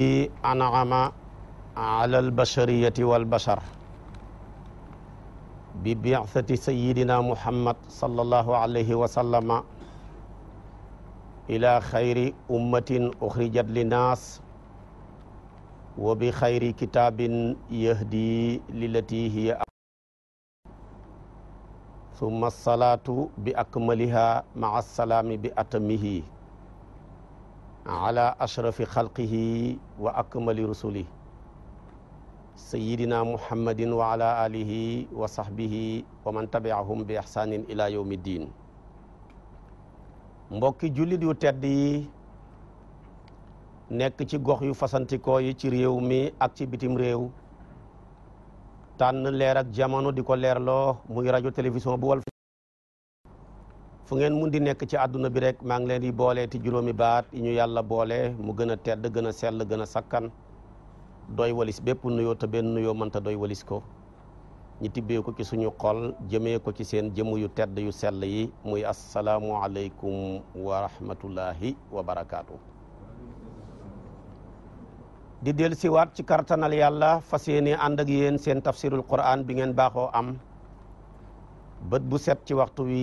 an'ama ala albashariyati walbashar bi bi'sati sayyidina muhammad sallallahu alayhi wa sallama ila xayri ummatin uxrijat linnaas wa bi xayri kitaabin yahdi lillati hiya summa salaatu bi akmaliha ma'a salaami bi atamihi ala ashrafi xalqihi wa akmali rusulihi sayidina muhammadin wa ala alihi wa sahbihi wa man tabiahum bi ihsanin ila yawmi ddin mbokki jullit yu tedd yi nekk ci gox yu fasantikoo yi ci réew mi ak ci bitim réew tànn leer ak jamono di ko leerloo muy rajo télévision bu Walf fu ngeen mun di nekk ci àdduna bi rek maa ngi leen di boole ti juróomi baat yi ñu yàlla boole mu gën a tedd gën a sell gën a sakkan doy walis bépp nuyoo te benn nuyoo mënta doy walis ko ñu tibbee ko ci suñu xol jëmee ko ci seen jëmm yu tedd yu sell yi muy asalaamualeykum wa rahmatullahi wa barakaatu. di dellusiwaat ci kartanal yàlla fas yéene ànd ak seen tafsirul quran bi ngeen baaxoo am. bët bu set ci waxtu wi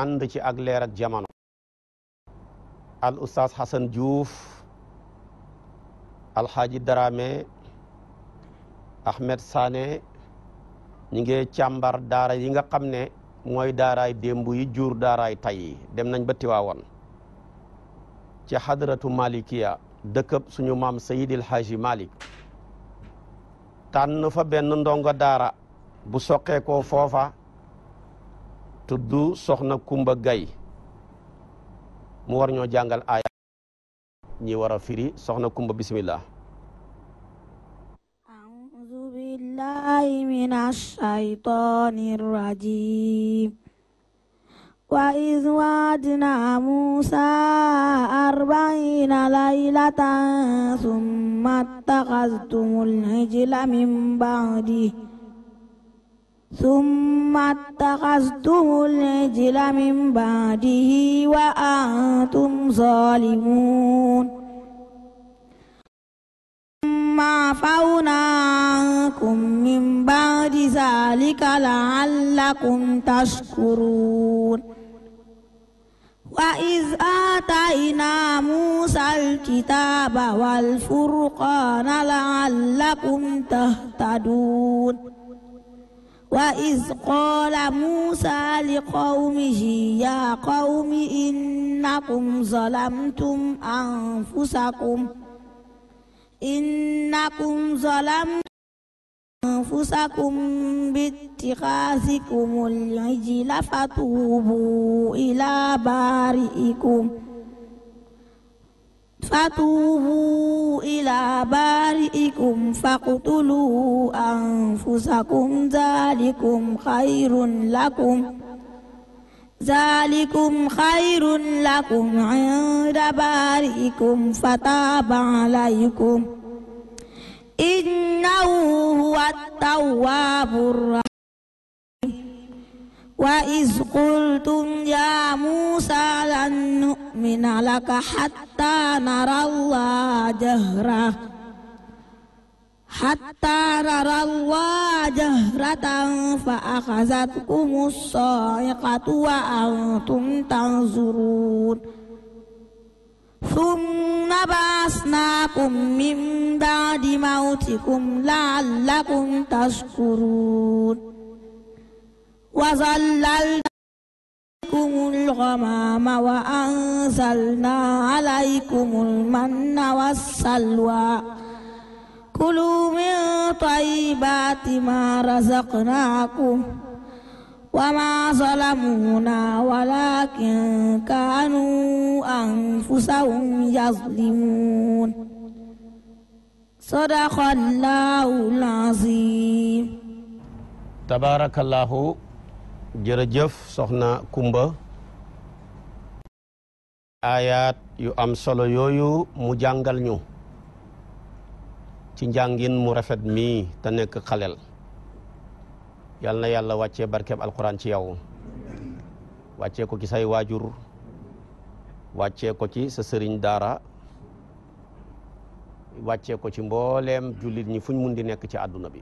ànd ci ak leer ak jamono al oustaz Xasan Diouf alxaaji Darame Ahmed Sané ñi ngi càmbar daara yi nga xam ne mooy daaraay démb yi jur daaraay tay dem nañ ba Tiwaawoon ci xadratu malikiya dëkkëb suñu maam Seydil Haaji Malik tànn fa benn ndongo daara bu soqeekoo foofa tudd soxna Kumba Gay mu war ñoo jàngal aaya ñi war firi soxna Kumba bismillah a'udhu billahi minash shaytanir rajim وإذ وعدنا موسى أربعين ليلة ثم اتخذتم العجل من بعده ثم اتخذتم العجل من بعده وأنتم ظالمون ثم عفونا عنكم من بعد ذلك لعلكم تشكرون وإذ آتينا موسى الكتاب والفرقان لعلكم تهتدون وإذ قال موسى لقومه يا قوم إنكم ظلمتم أنفسكم إنكم ظلمتم أنفسكم باتخاذكم العجل فتوبوا إلى بارئكم فتوبوا إلى بارئكم فاقتلوا أنفسكم ذلكم خير لكم ذلكم خير لكم عند بارئكم فتاب عليكم إنه هو التواب الرحيم وإذ قلتم يا موسى لن نؤمن لك حتى نرى الله جهرة حتى نرى الله جهرة فأخذتكم الصاعقة وأنتم تنظرون ثم بعثناكم من بعد موتكم لعلكم تشكرون وظللنا عليكم الغمام وأنزلنا عليكم المن والسلوى كلوا من طيبات ما رزقناكم وما ظلمونا ولكن كانوا أنفسهم يظلمون sadaqallaahu l-aziim tabaarakallaahu jërëjëf soxna Kumba aayaat yu am solo yooyu mu jàngal ñu ci njàngin mu rafet mii te nekk xalel yal na yàlla wàccee barkeb alquran ci yow wàccee ko ci say waajur wàccee ko ci sa sëriñ daara wàccee ko ci mbooleem jullit ñi fuñ mun di nekk ci àdduna bi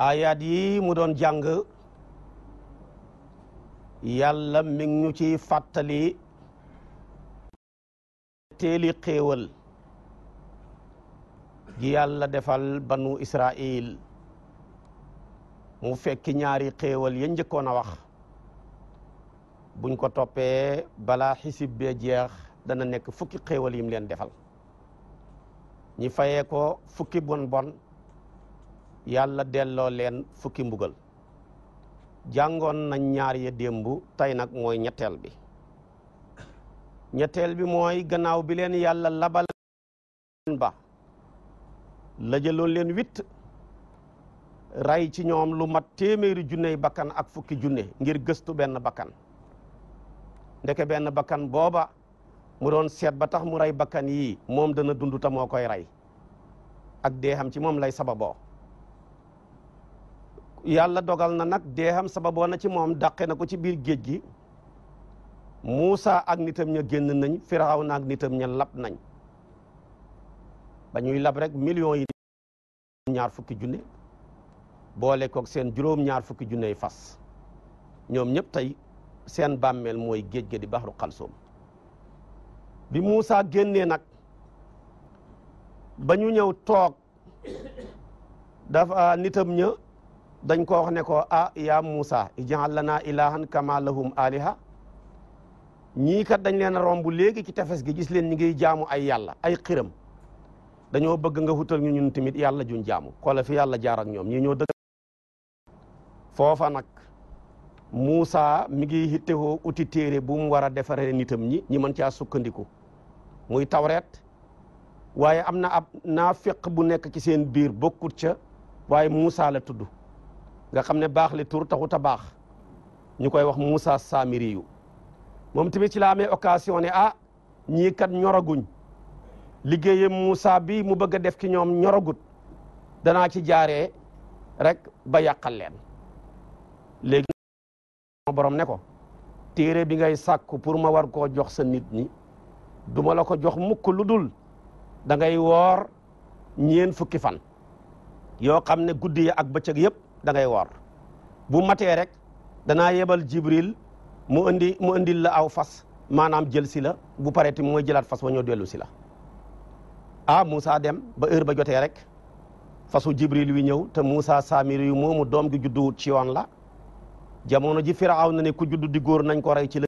ayaat yi mu doon jàng yàlla mi ñu ci fàttali teeli xéewal gi yàlla defal banu israil mu fekki ñaari xéewal ya njëkkoon a wax buñ ko toppee balaa xisib bee jeex dana nekk fukki xéewal yim leen defal ñi fayee ko fukki bon bon yàlla delloo leen fukki mbugal jàngoon na ñaar ya démb tey nag mooy ñetteel bi ñetteel bi mooy gannaaw bi leen yàlla labal ba la jëloon leen witt ray ci ñoom lu mat téeméeri junney bakkan ak fukki junne ngir gëstu benn bakkan ndeke benn bakkan booba mu doon seet ba tax mu rey bakkan yii moom dana dund ta moo koy rey ak dee ci moom lay sababoo yàlla dogal na nag dee xam sababoo na ci moom dàqe na ko ci biir géej gi Muusa ak nitam ña génn nañ Firaw na ak nitam ña lab nañ ba ñuy lab rek millions yi ñaar fukki junne boole koog seen juróom ñaar fukki junney fas ñoom ñëpp tey seen bàmmeel mooy géej ga di baxru xalsoom bi Muusa génnee nag ba ñu ñëw toog dafa nitam ña dañ ko wax ne ko ah ya Musa ij'al lana ilahan kama lahum aliha ñii kat dañ leen a romb léegi ci tefes gi gis leen ñi ngiy jaamu ay yàlla ay xiram dañoo bëgg nga wutal ñu ñun tamit yàlla juñ jaamu xoola fi yàlla jaar ñoom ñii ñoo dëgg foofa nag Moussa mi ngi hittewoo uti téere bu mu war a defaree nitam ñi ñi mën caa sukkandiku muy tawreet waaye am na ab naa feq bu nekk ci seen biir bokkut ca waaye Moussa la tudd nga xam ne baax li tur taxu a baax ñu koy wax Moussa Samiri yu moom tamit ci la amee occasion ne ah ñii kat ñoraguñ liggéeyam Moussa bi mu bëgg a def ki ñoom ñoragut danaa ci jaare rek ba yàqal leen léegi borom ne ko téere bi ngay sàkku pour ma war koo jox sa nit ñi duma la ko jox mukk lu dul da ngay woor ñeen fukki fan yoo xam ne guddi yi ak bëccëg yëpp da ngay woor bu matee rek danaa yebal jibril mu indi mu indil la aw fas maanaam jël si la bu paree tamit mooy jëlaat fas wa dellu si la ah Moussa dem ba heure ba jotee rek fasu jibril wi ñëw te Moussa Samir yu moomu doom gi juddu ci yoon la jamono ji firaaw na ne ku juddu di góor nañ ko rey ci la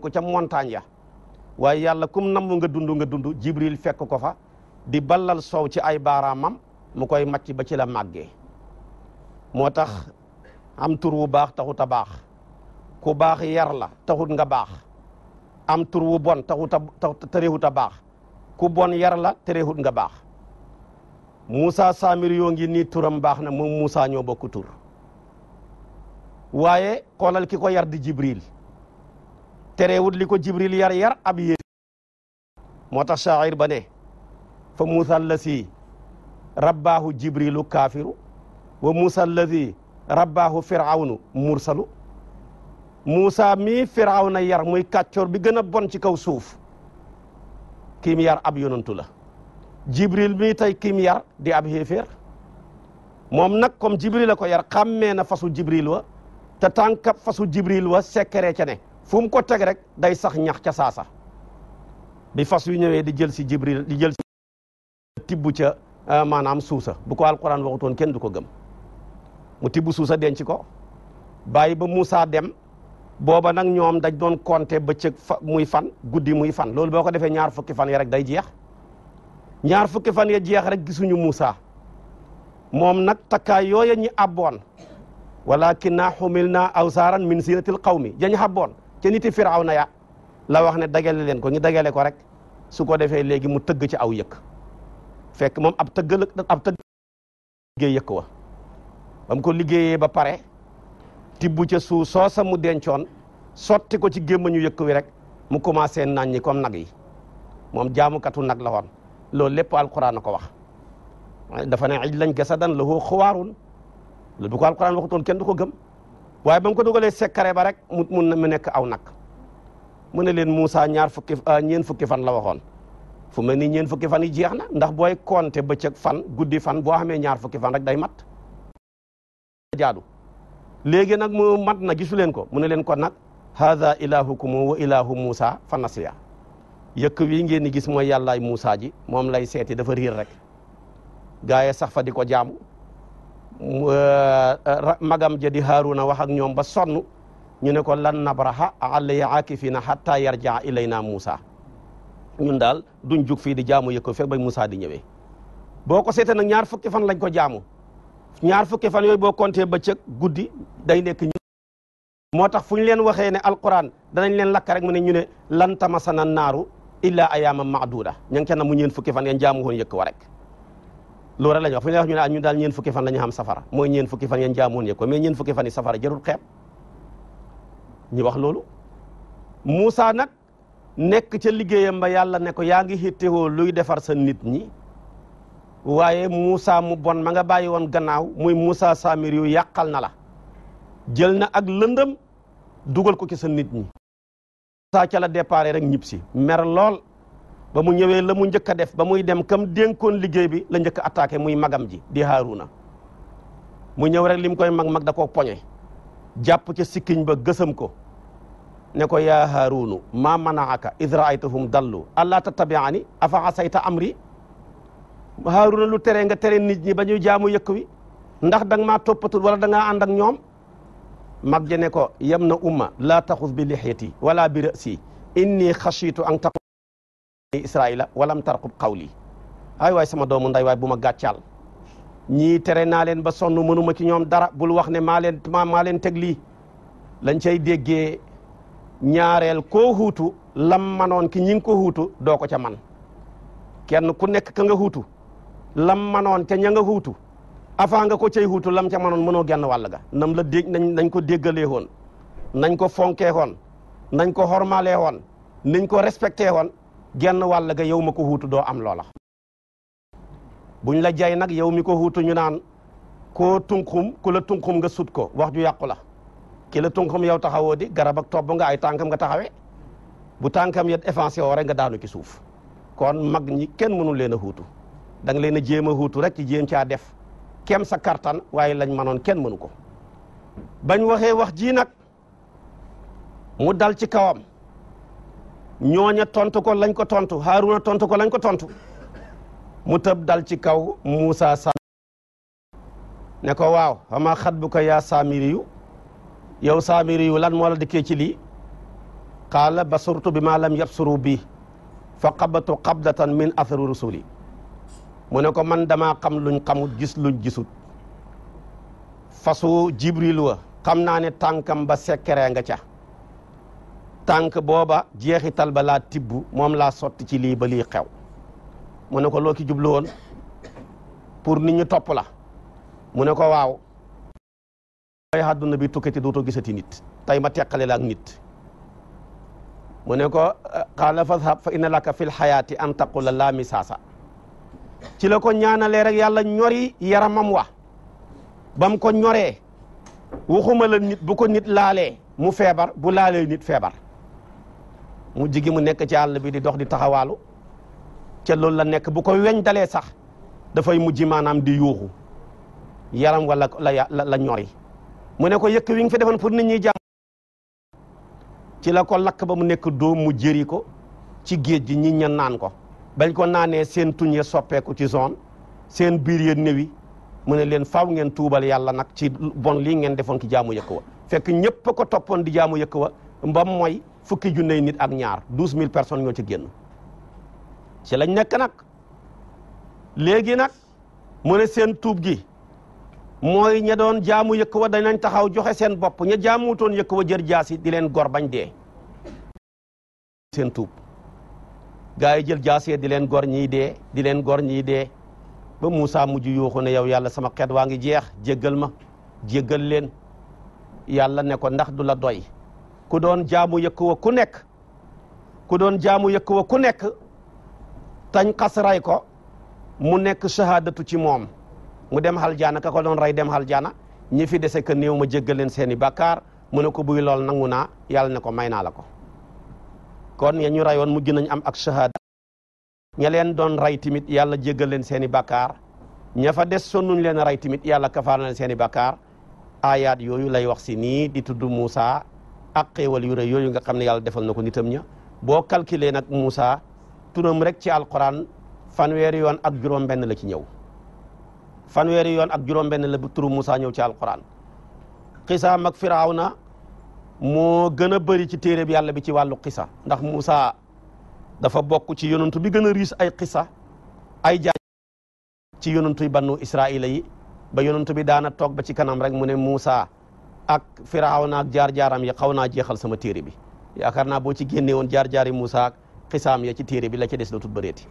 ko ca montagne ya waaye yàlla kum nam nga dund nga dund jibril fekk ko fa di ballal soow ci ay baaraamam mu koy màcc ba ci la màggee moo tax am tur wu baax taxut a baax ku baax yar la taxut nga baax am tur wu bon taxut a terewut a baax ku bon yar la terewut nga baax Moussa Samir yoo ngi nii turam baax na moom Moussa ñoo bokk tur waaye xoolal ki ko yar di Jibril terewut li ko Jibril yar yar ab yéen tax shaa'ir ba ne fa Moussa la si rabbaahu Jibrilu kaafiru wa Muusa alladi rabbaahu firawnu mursalu Muusa mii firawna yar muy kàccoor bi gën a bon ci kaw suuf kiim yar ab yonantu Jibril mii tey kiim yar di ab xéeféer moom nag comme Jibril la ko yar xàmmee na fasu Jibril wa te tànkab fasu Jibril wa sekkeree ca ne fu ko teg rek day sax ñax ca saasa bi fas yu ñëwee di jël si Jibril di jël si tibb ca euh, maanaam suusa bu ko alquran waxutoon kenn du ko gëm mu tibb suusa denc ko bàyyi ba Moussa dem booba nag ñoom dañ doon compter bëccëg fa muy fan guddi muy fan loolu boo ko defee ñaar fukki fan ya rek day jeex ñaar fukki fan ya jeex rek gisuñu Moussa moom nag takkaay yooya ñi abboon walakinna humilna til min zinatil qawmi jañ abboon ca niti na ya la wax ne dagale leen ko ñu dagale ko rek su ko defee léegi mu tëgg ci aw yëkk fekk moom ab tëgg ab tëgg yëkk wa ba ko liggéeyee ba pare tibb ca suuf soosa mu dencoon sotti ko ci gémmañu yëkk wi rek mu commencé naññi comme nag yi moom jaamukatu nag la woon loolu lépp alquran ko wax dafa ne ij lañ dan lahu xuwaarun loolu bu ko alquran waxutoon kenn du ko gëm waaye ba mu ko dugalee sekkare ba rek mu mun mu nekk aw nag mu ne leen Moussa ñaar fukki ah, ñeen fukki fan la waxoon fu mel ni ñeen fukki fan yi jeex na ndax booy ba bëccëg fan guddi fan boo xamee ñaar fukki fan rek day mat jaadu léegi nag mu mat na gisu leen ko mu ne leen kon nag haada ilahukum wa ilahu Moussa fa nasiya yëkk wi ngeen di gis mooy yàllaay Moussa ji moom lay seeti dafa riir rek gaa yi sax fa di ko jaamu eh, eh, magam ja di Haaruna wax ak ñoom ba sonn ñu ne ko lan nabraha alayhi akifina hatta yarjaa ilayna Moussa ñun daal duñ jug fii di jaamu yëkk fekk ba Moussa di ñëwee boo ko seetee nag ñaar fukki fan lañ ko jaamu ñaar fukki fan yooyu boo ba bëccëg guddi day nekk ñu moo tax fu ñu leen waxee ne alquran danañ leen lakk rek mu ne ñu ne lan tamasana naaru illa ayaama maaduda ña ñan kenn na mu ñeen fukki fan ngeen jaamu woon yëkk wa rek loolu rek la ñu wax fu ñu wax ñu ah daal ñeen fukki fan la ñu xam safara mooy ñeen fukki fan ngeen jaamu woon yëkk mais ñeen fukki fan yi safara jarul xeeb ñu wax loolu Moussa nag nekk ca liggéeyam ba yàlla nekko yaa ngi xittewoo luy defar sa nit ñi waaye Moussa mu bon ma nga bàyyi woon gannaaw muy Moussa Samir yu yàqal na la jël na ak lëndëm dugal ko ci sa nit ñi Moussa ca la départ rek ñib si mer lool ba mu ñëwee la mu njëkk a def ba muy dem kam dénkoon liggéey bi la njëkk a muy magam ji di Haaruna mu ñëw rek lim mu koy mag mag da ko poñe jàpp ca sikkiñ ba gësëm ko ne ko yaa Haarunu maa manaaka id raaytahum dallu allaa tattabiani afa asayta amri Haaruna lu tere nga tere nit ñi ba ñuy yëkk wi ndax danga ma toppatul wala dangaa ànd ak ñoom mag ja ko yam na umma laa taxus bi lixyati wala bi rasi inni xashitu an taqu israila walam tarqub qawli ay waay sama doomu nday waay bu ma gàccaal ñii tere naa leen ba sonn mënuma ci ñoom dara bul wax ne maa leen maa leen teg lii lañ cay déggee ñaareel koo huutu lam manoon ki ñi ngi ko huutu doo ko ca man kenn ku nekk ka nga huutu lam manoon ca ña nga xuutu avant nga ko cay xuutu lam ca manoon mënoo genn wàll ga nam la dégg nañ nañ ko déggalee woon nañ ko fonkee woon nañ ko xormalee woon nañ ko respecté woon genn wàll ga yow ma ko xuutu doo am loola buñ la jay nag yow mi ko xuutu ñu naan koo tunqum ku la tunqum nga sut ko wax ju yàqu la ki la tunqum yow taxawoo di garab ak tobb nga ay tànkam nga taxawee bu tànkam yet effacé woo rek nga daanu ci suuf kon mag ñi kenn mënu leen a xuutu da nga leen a jéem a xuutu rek ci jéem caa def kem sa kartan waaye lañ manoon kenn mënu ko bañ waxee wax ji nag mu dal ci kawam ñooña tontu ko lañ ko tontu Haaruna tontu ko lañ ko tontu mu tëb dal ci kaw Muusa sa ne ko waaw xama xat bu ko yaa saamiri yu yow saamiri yu lan moo la dikkee ci lii ba basurtu bi ma lam suru bi foo fa qabatu qabdatan min athari rusuli mu ne ko man damaa xam luñ xamut gis luñ gisut fasu jibril wa xam naa ne tànkam ba sekkeree nga ca tànk booba jeexital ba laa tibb moom laa sotti ci lii ba lii xew mu ne ko loo ki woon pour nit ñu topp la mu ne ko waaw mooy na bi tukkati dootoo gisati nit tey ma teqale la ak nit mu ne ko qaala fadhab fa inna laka fi l xayaati an taqula laa misaasa ci la ko ñaanalee rek yàlla ñori yaramam wa bam ko ñoree waxuma la nit bu ko nit laalee mu feebar bu laalee nit feebar mu jigi mu nekk ci àll bi di dox di taxawaalu ca loolu la nekk bu ko weñ dalee sax dafay mujj maanaam di yuuxu yaram wala la la ñori mu ne yëkk wi nga fi defoon pour nit ñi jàmm ci la ko lakk ba mu nekk doom mu ko ci géej gi ñi ña naan ko bañ ko naanee seen tuñ ya soppeeku ci zone seen biir ya néwi mu ne leen faw ngeen tuubal yàlla nag ci bon lii ngeen defoon ki jaamu yëkk wa fekk ñépp a ko toppoon di jaamu yëkk wa mbam mooy fukki junney nit ak ñaar douze mille personnes ñoo ci génn ci lañ nekk nag léegi nag mu ne seen tuub gi mooy ña doon jaamu yëkk wa danañ taxaw joxe seen bopp ña jaamutoon yëkk wa jër jaasi di leen gor bañ dee seen tuub gaa yi jël jaasee di leen gor ñii dee di leen gor ñii dee ba Moussa mujj yuuxu ne yow yàlla sama xeet waa ngi jeex jéggal ma jéggal leen yàlla ne ndax du la doy ku doon jaamu yëkk wa ku nekk ku doon jaamu yëkk wa ku nekk tañ xas ray ko mu nekk shahadatu ci moom mu dem xaljaana ka ko doon rey dem xaljaana ñi fi dese que néew ma jéggal leen seeni bàkkaar mu ne ko buy lool nangu naa yàlla ne ko may naa la ko kon ya ñu rayoon mujj nañ am ak shahada ña leen doon rey tamit yàlla jéggal leen seeni i bakkaar ña fa des nuñ leen rey tamit yàlla kafaar seeni seen i bakkaar ayaat yooyu lay wax si nii di tudd Moussa ak xéewal yu rëy yooyu nga xam ne yàlla defal na ko nitam ña boo calculer nag Moussa turam rek ci alxuraan fanweeri yoon ak juróom-benn la ci ñëw fanweeri yoon ak juróom-benn la turu Moussa ñëw ci alquran xisaam ak Firawna moo gën a bëri ci bi yàlla bi ci wàllu xisa ndax Moussa dafa bokk ci yonantu bi gën a riis ay xisa ay jaaj ci yonantuy bannu Israaïla yi ba yonantu bi daana toog ba ci kanam rek mu ne Moussa ak Firawna ak jaar-jaaram yi xaw naa jeexal sama téere bi yaakaar naa boo ci génne woon jaar-jaari Moussa ak xisaam ya ci téere bi la ci des dootul bëreeti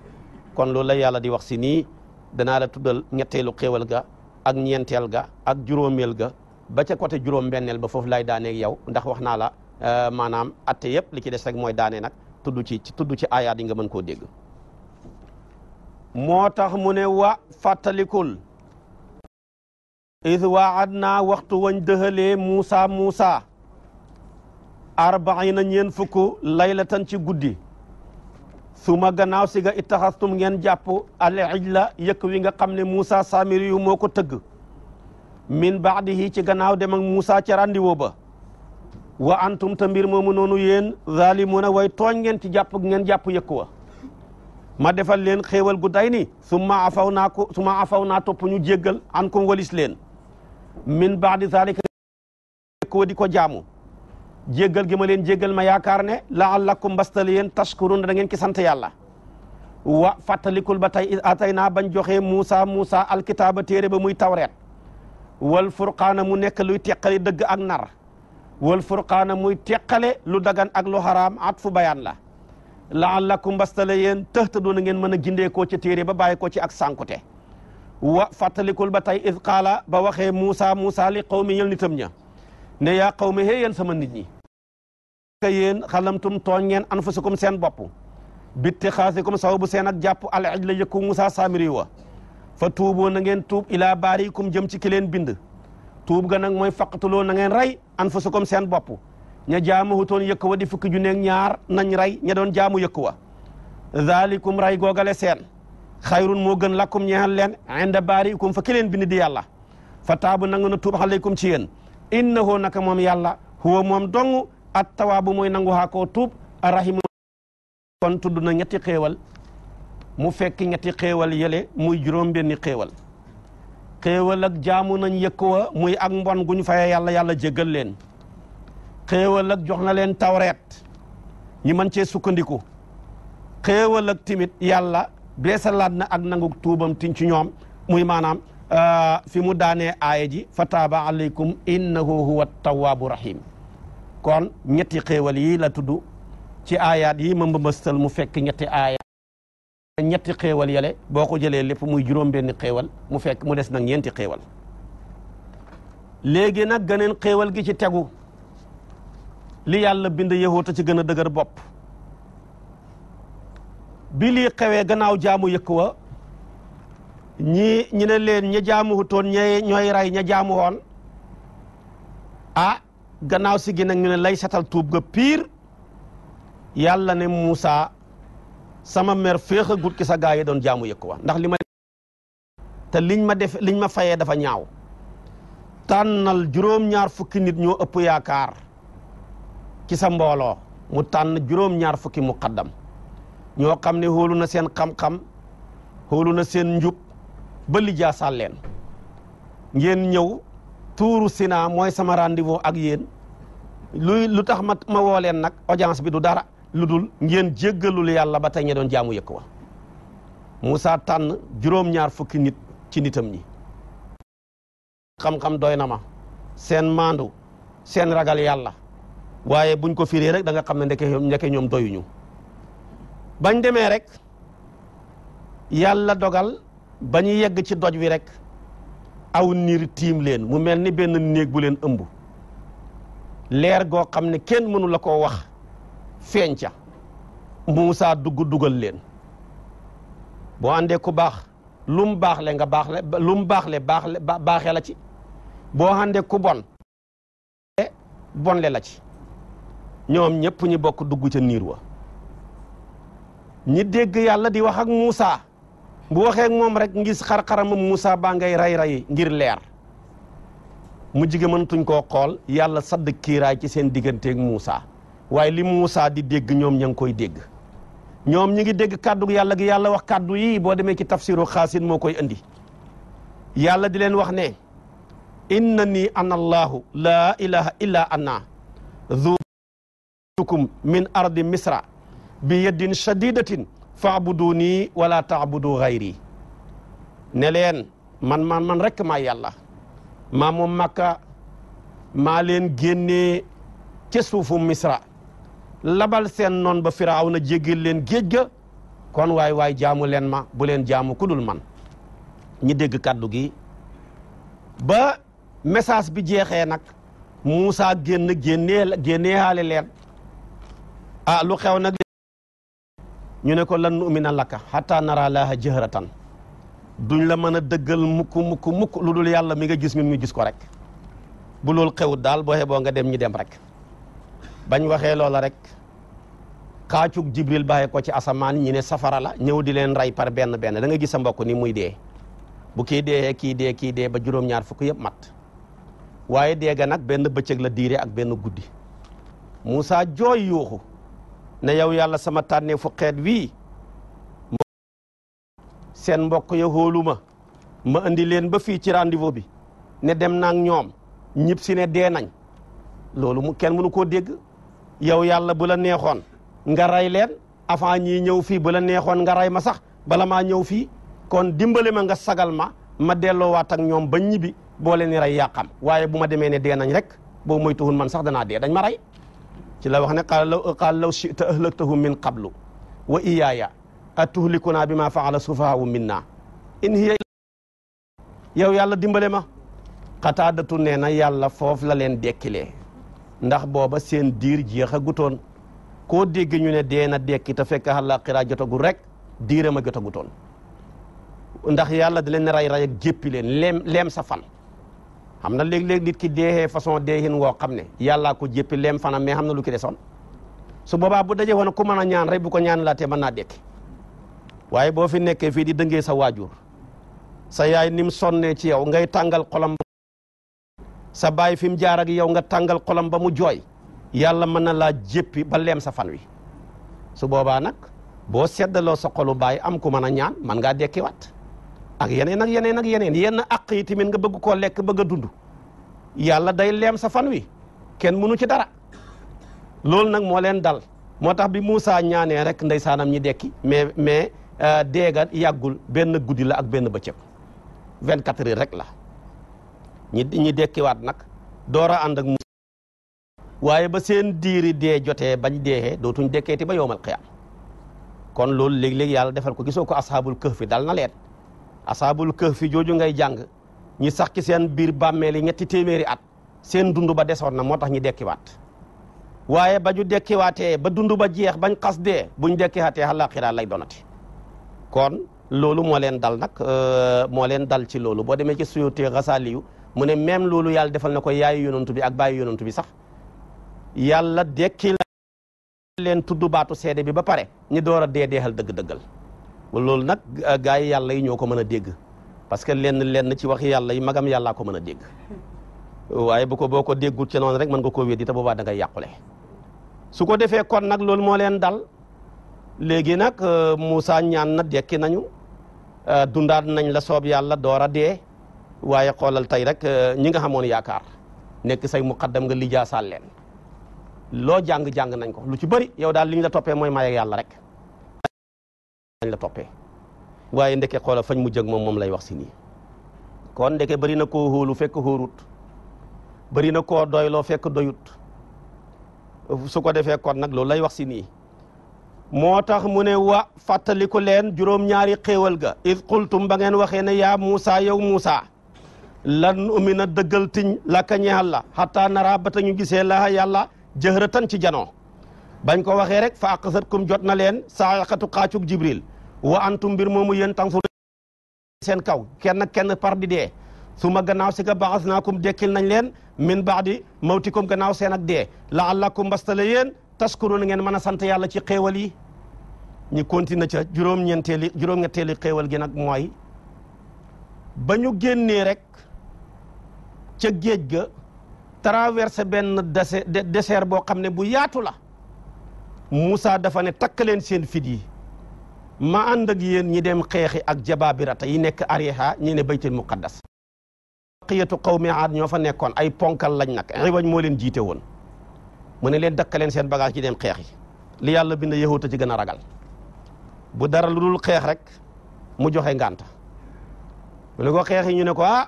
kon loolu la yàlla di wax si nii danaa la tuddal ñetteelu xéewal ga ak ñeenteel ga ak juróomeel ga ba ca côté juróom-benneel ba foofu lay daaneeg yow ndax wax naa la euh, maanaam atte yëpp li ci des rek mooy daane nag tuddu ci tudd ci aayaat yi nga mën koo dégg moo tax mu ne wa fàttalikul id wa naa waxtu wañ dëhalee Muusa Muusa arbaina ñeen fukk laylatan ci guddi su ma gannaaw si ga ittaxastum ngeen jàpp al ijla yëkk wi nga xam ne Muusa Samiri moo ko tëgg min baadihi ci gannaaw demak ak Moussa ca randiwoo ba wa antum ta mbir moomu noonu yéen zalimuna way tooñ ngeen ci jàpp ngeen jàpp yëkku wa ma defal leen xéewal gu day ni summa afaw naa ko summa afaw naa topp ñu jéggal an kum walis leen min baadi zalika yëkku di ko jaamu jéggal gi ma leen jéggal ma yaakaar ne laallakum mbastali yéen tashkurun da ngeen ki sant yàlla wa fàttalikul ba tey atay naa bañ joxe Moussa Moussa alkitaaba téere ba muy tawreet wal furqaana mu nekk luy teqale dëgg ak nar wal furqaana muy teqale lu dagan ak lu xaraam at fu bayan la la laallakum mbastale yéen tëxta doona ngeen mën a gindeekoo ci tere ba bàyyi ko ci ak sànkute wa fàttalikul ba tey id qaala ba waxee Moussa Moussa li qawmi ñël nitam ña ne yaa qawmi xé yéen sama nit ñi ka yéen xalamtum tooñ ngeen anfusakum seen bopp bitti xaasikum saw bu seen ak jàpp al ij la yëkku Moussa Samiri wa fa tuuboo na ngeen tuub ilaa baarikum jëm ci ki leen bind tuub ga nag mooy faqatuloo na ngeen rey anfusakum seen bopp ña jaamuhutoon yëkk wa di fukki junneeg ñaar nañ rey ña doon jaamu yëkk wa zaalikum rey googale seen xayrun moo gën lakkum ñeexal leen inda baarikum fa ki leen bind di yàlla fa taabu nangu na tuub xaleykum ci yéen innahu naka moom yàlla huwa moom dong at tawaabu mooy nangu haa koo tuub arrahimu kon tudd na ñetti xéewal mu fekk ñetti xéewal yële muy juróom-benni xéewal xéewal ak jaamu nañ yëkk wa muy ak mbon guñ faye yàlla yàlla jéggal leen xéewal ak jox na leen tawreet ñi mën cee sukkandiku xéewal timit yàlla beesalaat na ak nangu tuubam tin ci ñoom muy maanaam euh, fi mu daanee aaya ji fataaba aleykum innahu huwa tawaabu rahim kon ñetti xéewal yi la tudd ci ayaat yi ma mbëmbëstal mu fekk ñetti aaya ñetti xéewal yale boo ko jëlee lépp muy juróom-benni xéewal mu fekk mu des nag ñeenti xéewal léegi nag geneen xéewal gi ci tegu li yàlla bind yehoota ci gën a dëgër bopp bi lii xewee gannaaw jaamu yëkk wa ñi ñu ne leen ña jaamuwutoon ñooy ñooy rey ña jaamuwoon ah gannaaw si gi nag ñu ne lay satal tuub ga piir yàlla ne Muusa sama meer féex a gut sa gaa yi doon jaamu yëkkuwa ndax li ma te liñ ma def liñ ma fayee dafa ñaaw tànnal juróom-ñaar fukki nit ñoo ëpp yaakaar ci sa mbooloo mu tànn juróom-ñaar fukki muqaddam ñoo xam ne xóolu na seen xam-xam xóolu na seen njub ba li jaasal leen ngeen ñëw tuuru Sina mooy sama rendez-vous ak yéen luy lu tax ma ma leen nag audience bi du dara lu dul ngeen jéggalul yàlla ba tey ña doon jaamu yëkk wa Moussa tànn juróom-ñaar fukki nit ci nitam ñi xam-xam doy na ma seen maandu seen ragal yàlla waaye buñ ko firee rek danga xam ne ndeke ndeke ñoom doyuñu bañ demee rek yàlla dogal ba ñu yegg ci doj wi rek aw niir tiim leen mu mel ni benn néeg bu leen ëmb leer goo xam ne kenn mënula la koo wax feeñ ca Muusa dugg dugal leen boo àndee ku baax lu mu baax le nga baax le lu mu baax le baax le baaxee la ci boo àndee ku bon bon le la ci ñoom ñëpp ñi bokk dugg ca niir wa ñi dégg yàlla di wax ak Muusa bu waxee ak moom rek ngis xar-xaramam Muusa baa ngay ray-ray ngir leer mu jige mëntuñ koo xool yàlla sadd kiiraay ci seen digganteeg Muusa waaye li Moussa di dégg ñoom ña ngi koy dégg ñoom ñi ngi dégg kàddu yàlla gi yàlla wax kàddu yi boo demee ci tafsiru xaasin moo koy andi yàlla di leen wax ne inna nii ana allahu laa ilaha illa ana zukum min ardi misra bi yeddin shadidatin faabudu nii wala taabudu xayri ne leen man man man rekk maa yàlla maa moom màkka maa leen génnee ca suuf misra labal seen noon ba firaaw na jéggil leen géej ga kon waay waay jaamu leen ma bu leen jaamu ku dul man ñi dégg kàddu gi ba message bi jeexee nag Moussa génn génnee génneehaale leen ah lu xew nag ñu ne ko lan nu'mina laka hatta nara laaha jahratan duñ la mën a dëggal mukk mukk mukk lu dul yàlla mi nga gis ñun ñu gis ko rek bu loolu xewut daal boo xeboo nga dem ñi dem rek bañ waxee loola rek kaacug jibril bàyyi ko ci asamaan ñi ne safara la ñëw di leen rey par benn benn da gis sa mbokk ni muy dee bu ki dee kii dee kii dee ba juróom-ñaar fukk yëpp mat waaye dee ga nag benn bëccëg la diire ak benn guddi Moussa jooy yuuxu ne yow yàlla sama tànnee fu xeet wii seen mbokk ya hóolu ma ma indi leen ba fii ci rendez bi ne dem naag ñoom ñëpp si ne dee nañ loolu mu kenn mënu koo dégg yow yàlla bu la neexoon nga rey leen avant ñii ñëw fii bu la neexoon nga rey ma sax bala maa ñëw fii kon dimbale ma nga sagal ma ma delloowaat ak ñoom ba ñibbi boo leen rey yàqam waaye bu ma demee ne dee nañ rek boo moytuwul man sax danaa dee dañ ma rey ci la wax ne qaala law qaala law chita ahlaktahum min qablu wa iyaaya atuhlikuna bi ma faala sufahaau minna in hiya yow yàlla dimbale ma xataadatu nee na yàlla foofu la leen dekkilee ndax booba seen diir jeexagutoon koo dégg ñu ne dee na dekki te fekk àllaaxira jotagul rek diire ma jotagutoon ndax yàlla da leen ray ray ak jéppi leen leem leem sa fan xam na léeg-léeg nit ki deexee façon deexin woo xam ne yàllaa ko jéppi leem fana mais xam na lu ki desoon su boobaa bu daje woon ku mën a ñaan rek bu ko ñaan laatee mën naa dekk waaye boo fi nekkee fii di dëngee sa waajur sa yaay ni sonnee ci yow ngay tàngal xolam sa baay fi mu jaar ak yow nga tàngal xolam ba mu jooy yàlla mën na laa jéppi ba leem sa fan wi su boobaa nag boo seddaloo sa xolu baay am ku mën a ñaan mën ngaa dekkiwaat ak yeneen ak yeneen ak yeneen yenn àq yi tamit nga bëgg koo lekk bëgg a dund yàlla day leem sa fan wi kenn mënu ci dara loolu nag moo leen dal moo tax bi Moussa ñaanee rek ndeysaanam ñi dekki mais mais euh, deega yàggul benn guddi la ak benn bëccëg 24 heures rek la ñi ñi dekkiwaat nag doora a ànd ak waaye ba seen diiri dee jotee bañ deexee dootuñ dekkeeti ba yowmal qiyaam kon loolu léeg-léeg yàlla defal ko gisoo ko ashaabul kahfi dal na leen ashaabul kahfi jooju ngay jàng ñi sax seen biir bàmmeel yi ñetti téeméeri at seen dund ba desoon na moo tax ñi dekkiwaat waaye ba ñu dekkiwaatee ba dund ba jeex bañ xas dee buñ dekkiwaatee àllaaxira lay donati kon loolu moo leen dal nag euh, moo leen dal ci loolu boo demee ci suyuti Xasaali yu mu ne même loolu yàlla defal na ko yaayu yonantu bi ak baay yonantu bi sax yàlla dekki leen tudd baatu seede bi ba pare ñi door a dee deexal dëgg-dëggal loolu nag gaa yi yàlla yi ñoo ko mën a dégg parce que lenn lenn ci wax yàlla yi magam yàllaa ko mën a dégg waaye bu ko boo ko déggut ci noonu rek mën nga koo weddi te boobaa da ngay yàqule su ko defee kon nag loolu moo leen dal léegi nag euh, Moussa ñaan na dekki nañu euh, dundaat nañ la soob yàlla door a dee waaye xoolal tey rek euh, ñi nga xamoon yaakaar nekk say muqaddam nga saal leen loo jàng-jàng nañ ko lu ci bëri yow daal li ñu la toppee mooy maye yàlla rek lañ waaye ndeke xoolal fañ mu jëg moom moom lay wax si nii kon ndeke bari na ko hóolu fekk hóorut bari na koo doyloo fekk doyut su ko defee kon nag loolu lay wax si nii moo tax mu ne wa ko leen juróom-ñaari xéewal ga id qultum ba waxee na yaa Muusa yow Muusa lan umina dëggal tiñ laka ñeexal la xataa nara ba ta ñu gisee laa yàlla jëhratan ci jano bañ ko waxee rek fa aqasatkum jot na leen sa saaqatu xaacug jibril wa antum mbir moomu yéen tan seen kaw kenn kenn par di dee suma ma gannaaw si ka baxas naakum dekkil nañ leen min baax di mawtikum gannaaw seen ak dee laallakum mbastale yéen taskuroon ngeen mën a sant yàlla ci xéewal yi ñu continué ca juróom-ñeenteeli juróom-ñetteeli xéewal gi nag mooy ba ñu rek ca géej ga traversé benn dese désert boo xam ne bu yaatu la Moussa dafa ne takk leen seen fit ma ànd ak yéen ñi dem xeexi ak jabaabirata yi nekk Ariha ñi ne baytul muqaddas baqiyatu qawmi aad ñoo fa nekkoon ay ponkal lañ nag iwañ moo leen jiite woon mu ne leen dakkaleen seen bagage yi dem xeexi li yàlla bind yahuuta ci gën a ragal bu dara lu dul xeex rek mu joxe ngànta mu ne ko xeex ñu ne ko ah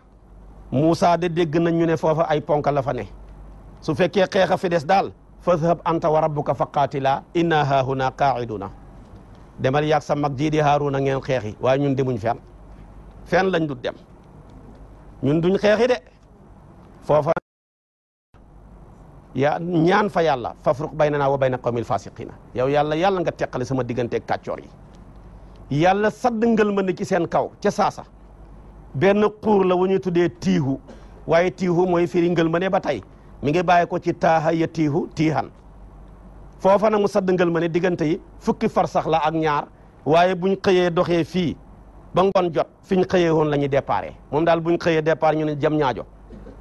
Moussa de dégg nañ ñu ne foofa ay ponk la fa ne su fekkee xeex fi des daal fadhab anta wa rabbuka fa qaatila inna haahuna qaaiduna demal yaag sa mag jii di na ngeen xeexi waaye ñun demuñ fenn fenn lañ du dem ñun duñ xeexi de foofa yaa ñaan fa yàlla fafruq baynana wa bayna qawmil fasiqina yow yàlla yàlla nga teqale sama digganteeg kàccoor yi yàlla sadd ngël ma ne ci seen kaw ca saasa benn xuur la wu ñu tuddee tiihu waaye tiihu mooy firi ngël ma ne ba tey mi ngi bàyyi ko ci taaha ya tiihu tiihan foofa nag mu sadd ngël ma ne diggante yi fukki farsax la ak ñaar waaye buñ xëyee doxee fii ba ngoon jot fi ñu xëyee woon la ñuy départ moom daal buñ xëyee départ ñu ne jam ñaajo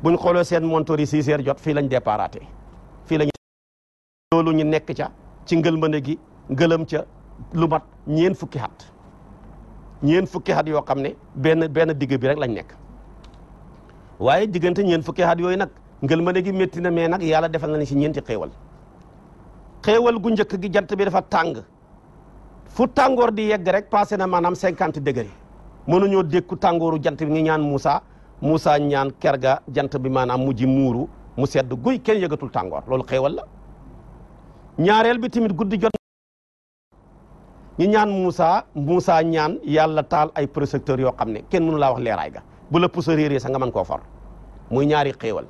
buñ xoolee seen montor yi jot fii lañ départaate fii lañ loolu ñu nekk ca ci ngëlmane gi ngëlam ca lu mat ñeen fukki at ñeent fukki at yoo xam ne benn benn digg bi rek lañ nekk waaye diggante ñeent fukki at yooyu nag ngëlmande gi métti na mais nag yàlla defal na ne si ñeenti xéewal xéewal gu njëkk gi jant bi dafa tàng fu tàngoor di yegg rek passé na maanaam cinquante degré ñoo dékku tàngooru jant bi ñu ñaan Moussa Moussa ñaan kerga jant bi maanaam mu ji muuru mu sedd guy kenn yëgatul tàngoor loolu xéewal la ñaareel bi tamit guddi jot ñu ñaan Moussa Moussa ñaan yàlla taal ay projecteurs yoo xam ne kenn munu laa wax leeraay ga bu la pousa réeree sax nga mën koo for muy ñaari xéewal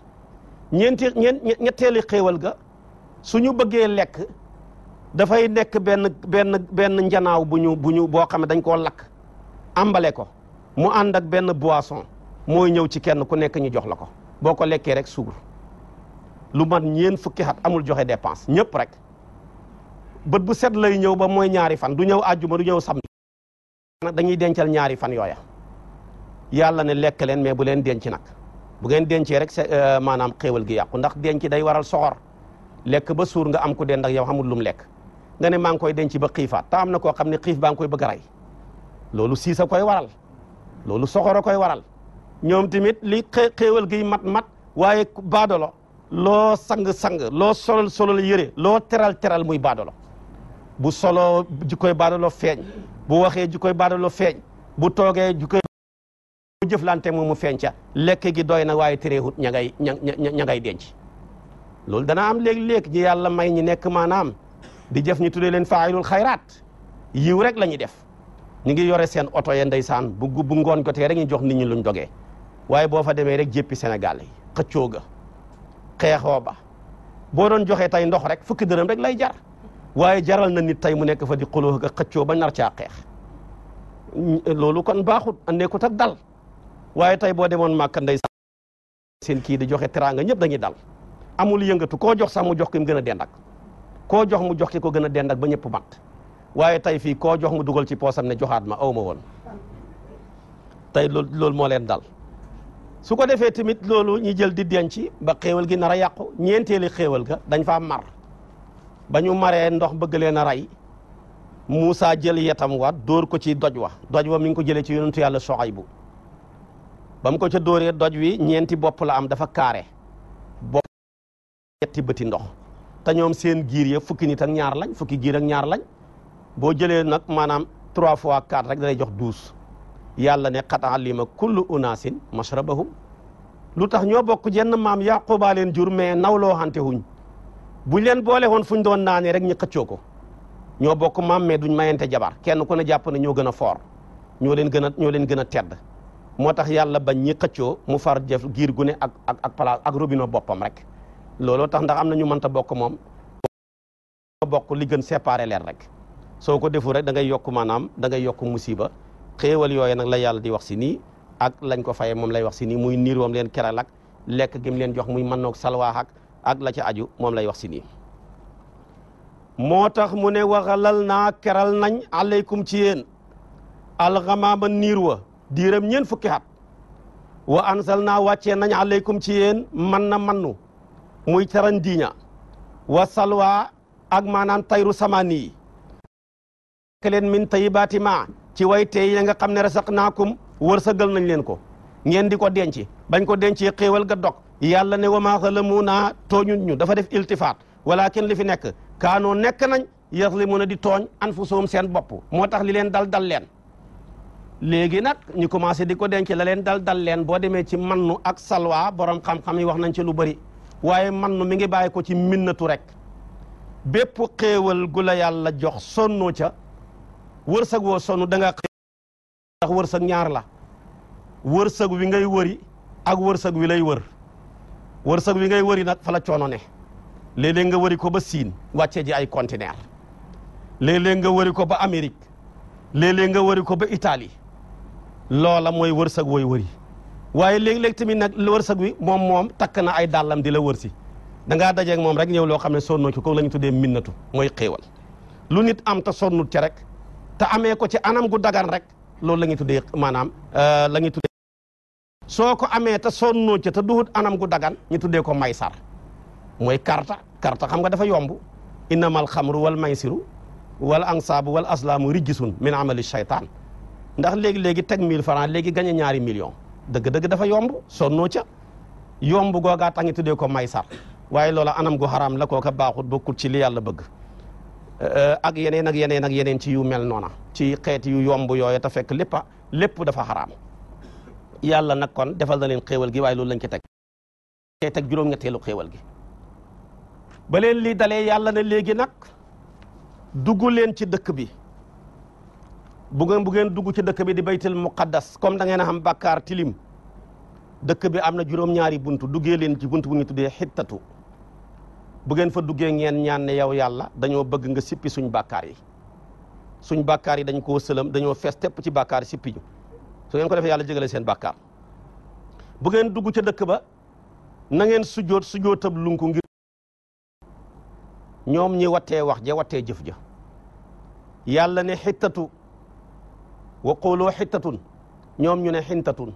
ñeenti ñetteeli xéewal ga su ñu bëggee lekk dafay nekk benn benn benn njanaaw bu ñu bu ñu boo xam ne dañ koo lakk ambale ko mu ànd ak benn boison mooy ñëw ci kenn ku nekk ñu jox la ko boo ko lekkee rek suur lu man ñeen fukki at amul joxe dépense ñëpp rek bët bu set lay ñëw ba mooy ñaari fan du ñëw àjjuma du ñëw samedi nag dañuy dencal ñaari fan yooya yàlla ne lekk leen mais bu leen denc nag bu ngeen dencee rek euh, maanaam xéewal gi yàqu ndax denc day waral soxor lekk ba suur nga am ku dend ak yow xamul lum lekk nga ne maa koy denc ba xiifaat ta am na koo xam ne xiif baa ngi koy bëgg a loolu siis a koy waral loolu soxor a koy waral ñoom tamit li xéewal gi mat mat waaye baadolo loo sang sang loo solo solol yëre loo teral teral muy baadolo bu solo jikkoy baadaloo feeñ bu waxee jikkoy baadaloo feeñ bu toogee jikkoy bu jëflante moom mu feeñ ca lekk gi doy na waaye téréewut ña ngay ña ña ngay denc loolu dana am léeg-léeg ñi yàlla may ñi nekk maanaam di jef ñu tuddee leen faayilul xayraat yiw rek la ñuy def ñu ngi yore seen oto ya ndeysaan bu bu ngoon jotee rek ñu jox nit ñi luñ dogee waaye boo fa demee rek jéppi Sénégal yi xëccoo ga ba boo doon joxee tey ndox rek fukki dërëm rek lay jar waaye jaral na nit tey mu nekk fa di xuloo ak xëccoo ba nar caa xeex loolu kon baaxut andeekut ak dal waaye tey boo demoon màkk ndey seen kii di joxe teraanga ñëpp dañuy dal amul yëngatu koo jox sax mu jox ki mu gën a dendak koo jox mu jox ki ko gën a dendak ba ñëpp mat waaye tey fii koo jox mu dugal ci poosam ne joxaat ma awma woon tey loolu loolu moo leen dal su ko defee tamit loolu ñi jël di denc ba xéewal gi nar a yàqu ñeenteeli xéewal ga dañ faa mar ba ñu maree ndox bëgg leen a rey Moussa jël yetam waat dóor ko ci doj wa doj wa mi ngi ko jëlee ci yonentu yàlla Soxaybu ba mu ko ca dooree doj wi ñeenti bopp la am dafa kaare bopp ñetti bëti ndox te ñoom seen giir ya fukki nit ak ñaar lañ fukki giir ak ñaar lañ boo jëlee nag maanaam trois fois quatre rek danay jox douze yàlla ne kata alima kullu unaasin mashrabahum lu tax ñoo bokk jenn maam yaquba leen jur mais nawloo xante huñ buñ leen boole woon fuñ doon naanee rek ñu xëccoo ko ñoo bokk maam mais duñ mayante jabar kenn ku ne jàpp ne ñoo gën a foor ñoo leen gën a ñoo leen gën a tedd moo tax yàlla bañ ñi xëccoo mu far jëf giir gune ak ak ak place ak robinet boppam rek looloo tax ndax am na ñu mënta bokk moom bokk li gën séparé leer rek soo ko deful rek da ngay yokk maanaam da ngay yokk musiba xéewal yooyu nag la yàlla di wax si nii ak lañ ko fayee moom lay wax si nii muy niir wam leen keral ak lekk gi leen jox muy mën noog salwaax ak ak la ca aju moom lay wax si nii moo tax mu ne waxalal naa keral nañ aleykum ci yéen alxamaama niir wa diiram ñeen fukki at wa ansal naa wàccee nañ aleykum ci yéen man na mannu muy taran diiña wa salwa ak maanaam tayru samaani yi leen min tayibaati ma ci way tey ya nga xam ne rasaqnaakum wërsëgal nañ leen ko ngeen di ko denc bañ ko dencee xéewal ga dog yàlla ne wa maa zalamuunaa tooñun ñu dafa def iltifaat kenn li fi nekk kaanoo nekk nañ yazlimuuna di tooñ anfusahum seen bopp moo tax li leen dal dal leen léegi nag ñu commencé di ko denc la leen dal dal leen boo demee ci mannu ak salwa borom xam-xam yi wax nañ ci lu bëri waaye mannu mi ngi bàyyi ko ci minnatu rek bépp xéewal gu la yàlla jox sonnoo ca wërsëg woo sonn da nga xëy ndax wërsëg ñaar la wër wërsëg wi ngay wëri ak wër wërsëg wi lay wër wër wërsëg wi ngay wëri nag fa la coono ne léeg nga wëri ko ba siin wàccee ji ay conteneur léeg-léeg nga wëri ko ba Amérique léeg-léeg nga wëri ko ba Italie loola mooy wërsëg wooy wëri waaye léeg-léeg tamit nag wërsëg wi moom moom takk na ay dàllam di la wër si da ngaa moom rek ñëw loo xam ne sonnoo ci ko lañu tu dee minnatu mooy xéewal lu nit am te sonnut ci rek te amee ko ci anam gu dagan rek loolu lañu ñuy tuddee maanaam euh, la ñuy tuddee soo ko amee te sonnoo ca te duhut anam gu dagan ñu tuddee ko may sar mooy karta karta xam nga dafa yomb innamal xamru wal maysiru wal ansaabu wal aslaamu rijsun min amali shaytaan ndax léegi-léegi teg mille francs léegi gañe ñaari million dëgg-dëgg dafa yomb sonnoo ca yomb googaa tax ñu tuddee ko may maysar waaye loola anam gu xaraam la kooka baaxut bokkul ci li yàlla bëgg ak yeneen ak yeneen ak yeneen ci yu mel noona ci xeet yu yomb yooyu te fekk léppa lépp dafa xaraam yàlla nag kon defal na leen xéewal gi waaye loolu lañ ci teg tey teg juróom-ñetteelu gi ba leen lii dalee yàlla na léegi nag dugg leen ci dëkk bi bu ngeen bu dugg ci dëkk bi di baytul muqaddas comme da ngeen a xam bàkkaar tilim dëkk bi am na juróom-ñaari buntu duggee leen ci buntu bu ñu tuddee xittatu bu ngeen fa duggee ngeen ñaan ne yow yàlla dañoo bëgg nga sippi suñ bakkaar yi suñ bakkaar yi dañ koo sëlëm dañoo fees tepp ci bàkkaar sippiñu su ngeen ko defee yàlla jégale seen bàkkaar bu ngeen dugg ca dëkk ba nangeen ngeen sujjoot sujjootab lunku ngir ñoom ñi wattee wax ja wattee jëf ja yàlla ne xittatu wa quloo xittatun ñoom ñu ne xintatun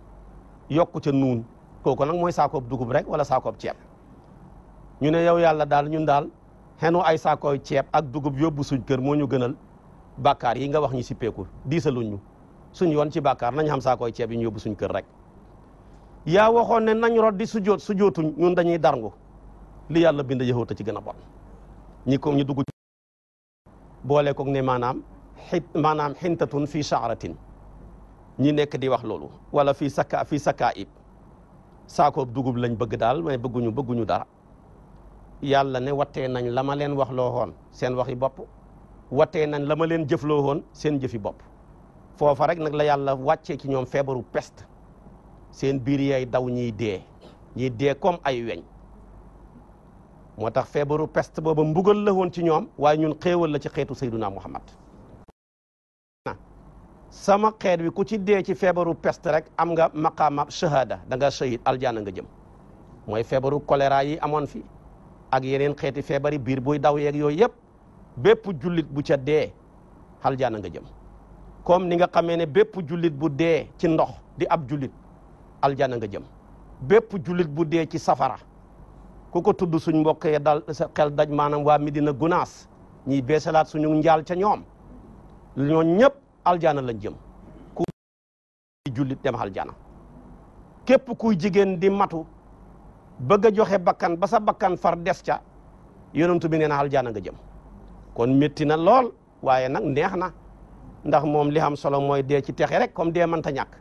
yokku ca nuun kooku nag mooy saakoob dugub rek wala saakoob ceeb ñu ne yow yàlla daal ñun daal xenu ay saakooy ceeb ak dugub yóbbu suñ kër moo ñu gënal bakkaar yi nga wax ñu sippeeku diisaluñu suñ yoon ci bàkkaar nañ xam saako koy ceeb yi ñu yóbbu suñ kër rek yaa waxoon ne nañ rot di sujjoot sujjootuñ ñun dañuy darngu li yàlla bind yëxoota ci gën a bon ñi ko ñu dugg boole koog ne maanaam xi maanaam xintatun fi saaratin ñi nekk di wax loolu wala fii sakka fii sakkaa ib saakoob dugub lañ bëgg daal mais bëgguñu bëgguñu dara yàlla ne wattee nañ la ma leen wax loo woon seen waxi bopp wattee nañ la ma leen jëfloo woon seen jëfi bopp foofa rek nag la yàlla wàccee ci ñoom feebaru pest seen biir yaay daw ñiy dee ñiy dee comme ay weñ moo tax feebaru pest boobu mbugal la woon ci ñoom waaye ñun xéewal la ci xeetu sayduna muhammad sama xeet wi ku ci dee ci feebaru pest rek am nga maqaama shahada da nga shahid aljana nga jëm mooy feebaru choléra yi amoon fi ak yeneen xeeti feebari biir buy daw yeeg yooyu yëpp bépp jullit bu ca dee aljana nga jëm comme ni nga xamee ne bépp jullit bu dee ci ndox di ab jullit aljana nga jëm bépp jullit bu dee ci safara ku ko tudd suñ mbokk yi dal sa xel daj maanaam waa Medina Gunaas ñiy beesalaat suñu njaal ca ñoom ñoom ñëpp aljana lañ jëm ku jullit dem aljana képp kuy jigéen di matu bëgg a joxe bakkan ba bakkan far des ca yonentu bi nee na aljana nga jëm kon métti na lool waaye nag neex na ndax moom li am solo mooy dee ci texe rek comme dee mënta ñàkk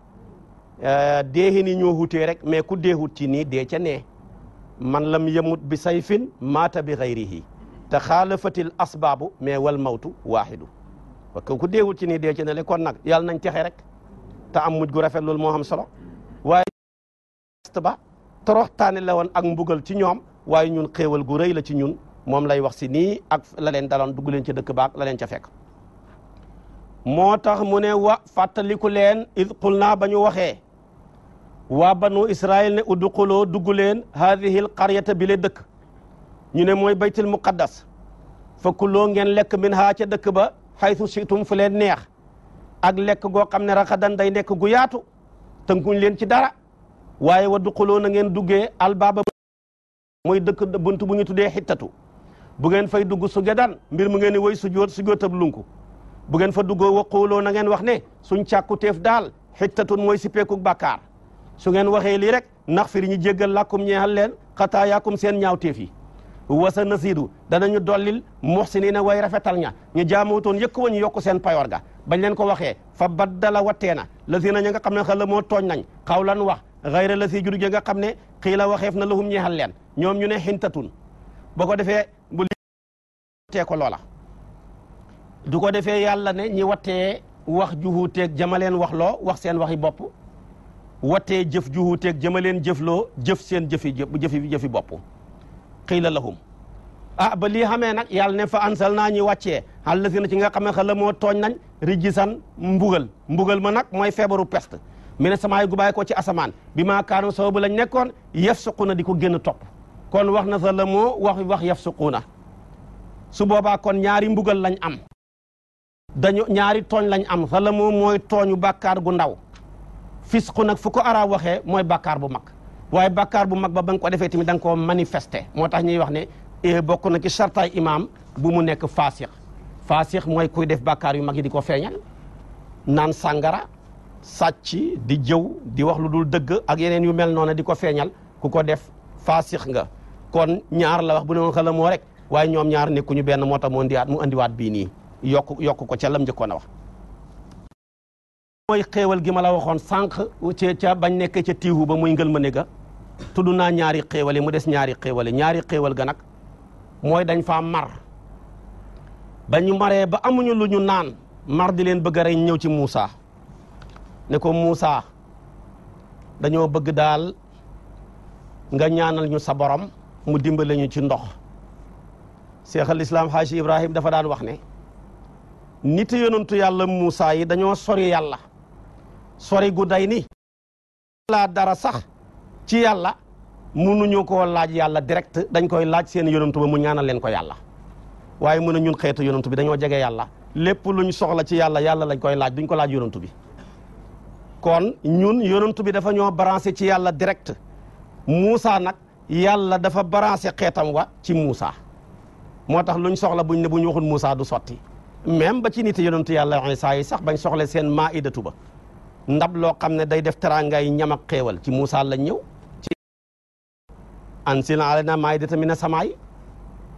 euh, deexi ni ñoo hutee rek mais ku deexut ci nii dee ca man lam yamut bi sayfin maata bi xayrihi te xaalafatil asbaabu mais wal mawtu waaxidu parce que ku deexut ci ni dee ca ne le kon nag yàlla nañ texe rek te am mujj gu rafet loolu moo am solo waaye ba toroxtaane la woon ak mbugal ci ñoom waaye ñun xéewal gu rëy la ci ñun moom lay wax si nii ak la leen daloon dugg leen ca dëkk baak la leen ca fekk moo tax mu ne wa fàttaliku leen id qul naa ba ñu waxee waa banu israil ne udduquloo dugg leen haadihil qaryata bi le dëkk ñu ne mooy baytul muqaddas fa kuloo ngeen lekk min haa ca dëkk ba xaytu siitum fu leen neex ak lekk goo xam ne raxadan day nekk gu yaatu tënkuñ leen ci dara waaye wa duquloo na ngeen duggee albaaba mooy dëkk bunt bu ñu tuddee xittatu bu ngeen fay dugg su gedan mbir mu ngeen ni woy su joot su jootab lunku bu ngeen fa duggoo waquuloo na ngeen wax ne suñ teef daal xittatun mooy si peekuk bàkkaar su ngeen waxee lii rek nax fir ñu jéggal làkkum ñeexal leen xataayaakum seen ñaawteef yi wasa nasiidu danañu dollil na way rafetal ña ñu jaamutoon yëkk wa ñu yokku seen payoor ga bañ leen ko waxee fa baddala wattee na la si na ña nga xam ne xala moo tooñ nañ xawlan wax xayra la si jur gi nga xam ne xii la waxeef na lahum ñeexal leen ñoom ñu ne xintatun boo ko defee bu li tee du ko defee yàlla ne ñi wattee wax juhuuteeg jamaleen wax loo wax seen waxi bopp wattee jëf juhuuteeg jamaleen jëf loo jëf seen jëfi jëfi jëfi bopp qiila lahum ah ba lii xamee nag yàlla ne fa ansal naa ñi wàccee àlla si na ci nga xamee xa la moo tooñ nañ rijisan mbugal mbugal ma nag mooy feebaru peste mi ne samaay gu bàyyi ko ci asamaan bi maa kaanu sababu lañ nekkoon yaf suquna di ko génn topp kon wax na sa la moo wax wax yaf suquna su boobaa kon ñaari mbugal lañ am dañu ñaari tooñ lañ am zalamu mooy tooñu bàkkaar gu ndaw fisqu nag fu ko arab waxee mooy bàkkaar bu mag waaye bàkkaar bu mag ba ba nga ko defee tamit danga nga koo moo tax ñuy wax ne eh, bokk na ci sartaay imaam bu mu nekk faasix faasix mooy kuy def bakkaar yu mag yi di ko feeñal naan sàngara sàcc di jëw di wax lu dul dëgg ak yeneen yu mel noonu di ko feeñal ku ko def faasix nga kon ñaar la wax bu ne woon xalamoo rek waaye ñoom ñaar nekkuñu benn moo tax moo ndiwaat mu andiwaat bii nii yokk yokk ko ca lam njëkkoon a wax mooy xéewal gi ma la waxoon sànq ci ca bañ nekkee ca tiihu ba muy ngël ma ne ga tudd naa ñaari xéewal yi mu des ñaari xéewal yi ñaari xéewal ga nag mooy dañ faa mar ba maree ba amuñu lu ñu naan mar di leen bëgg rey ñëw ci Moussa ne ko Moussa dañoo bëgg daal nga ñaanal ñu sa borom mu dimbale ñu ci ndox Cheikh al Islam Haji Ibrahim dafa daan wax ne nit yonantu yàlla Muusaa yi dañoo sori yàlla sori gu day ni laa dara sax ci yàlla mënuñu ko laaj yàlla direct dañ koy laaj seen yonantu ba mu ñaana leen ko yàlla waaye mën a ñun xeetu yonantu bi dañoo jege yàlla lépp luñ soxla ci yàlla yàlla lañ koy laaj duñ ko laaj yonantu bi kon ñun yonantu bi dafa ñoo branché ci yàlla direct Muusaa nag yàlla dafa branché xeetam wa ci Muusaa moo tax luñ soxla buñ ne buñ waxul Muusaa du sotti même ba ci nit yonentu yàlla Isaa yi sax bañ soxle seen maa idatu ba ndab loo xam ne day def teraangaay ñam ak xéewal ci Muusaa lañ ñëw ci ansil alayna maa idatan mina samaa'i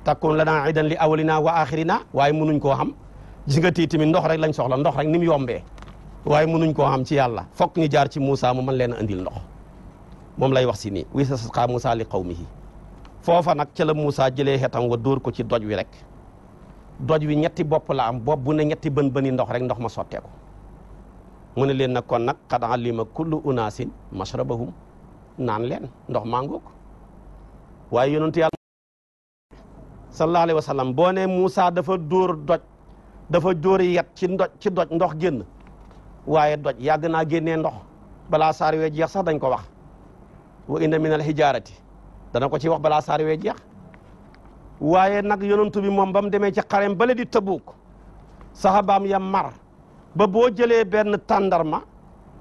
takun na iidan li awwalinaa wa aaxirinaa waaye mënuñ koo xam gis nga tamit ndox rek lañ soxla ndox rek ni mu yombee waaye mënuñ koo xam ci yàlla fokk ñu jaar ci Muusaa mu man leen a indil ndox moom lay wax si nii wistasqaa Muusaa li qawmihi foofa nag ca la Muusaa jëlee xetam wa dóor ko ci doj wi rek doj wi ñetti bopp la am bopp bu ne ñetti bën bëni ndox rek ndox ma sotteeku mu ne leen nag kon nag qad alima kullu unaasin mashrabahum naan leen ndox maa ngoog waaye yonentu yàlla sallallahu alayhi wa boo ne Moussa dafa dóor doj dafa dóor yet ci ndoj ci doj ndox génn waaye doj yàgg naa génnee ndox balaa saar wee jeex sax dañ ko wax wa inna min al hijaarati dana ko ci wax balaa saar we jeex waaye nag yonantu bi moom ba mu demee ci ba bale di Tabuuk saxabaam ya mar ba boo jëlee benn tàndarma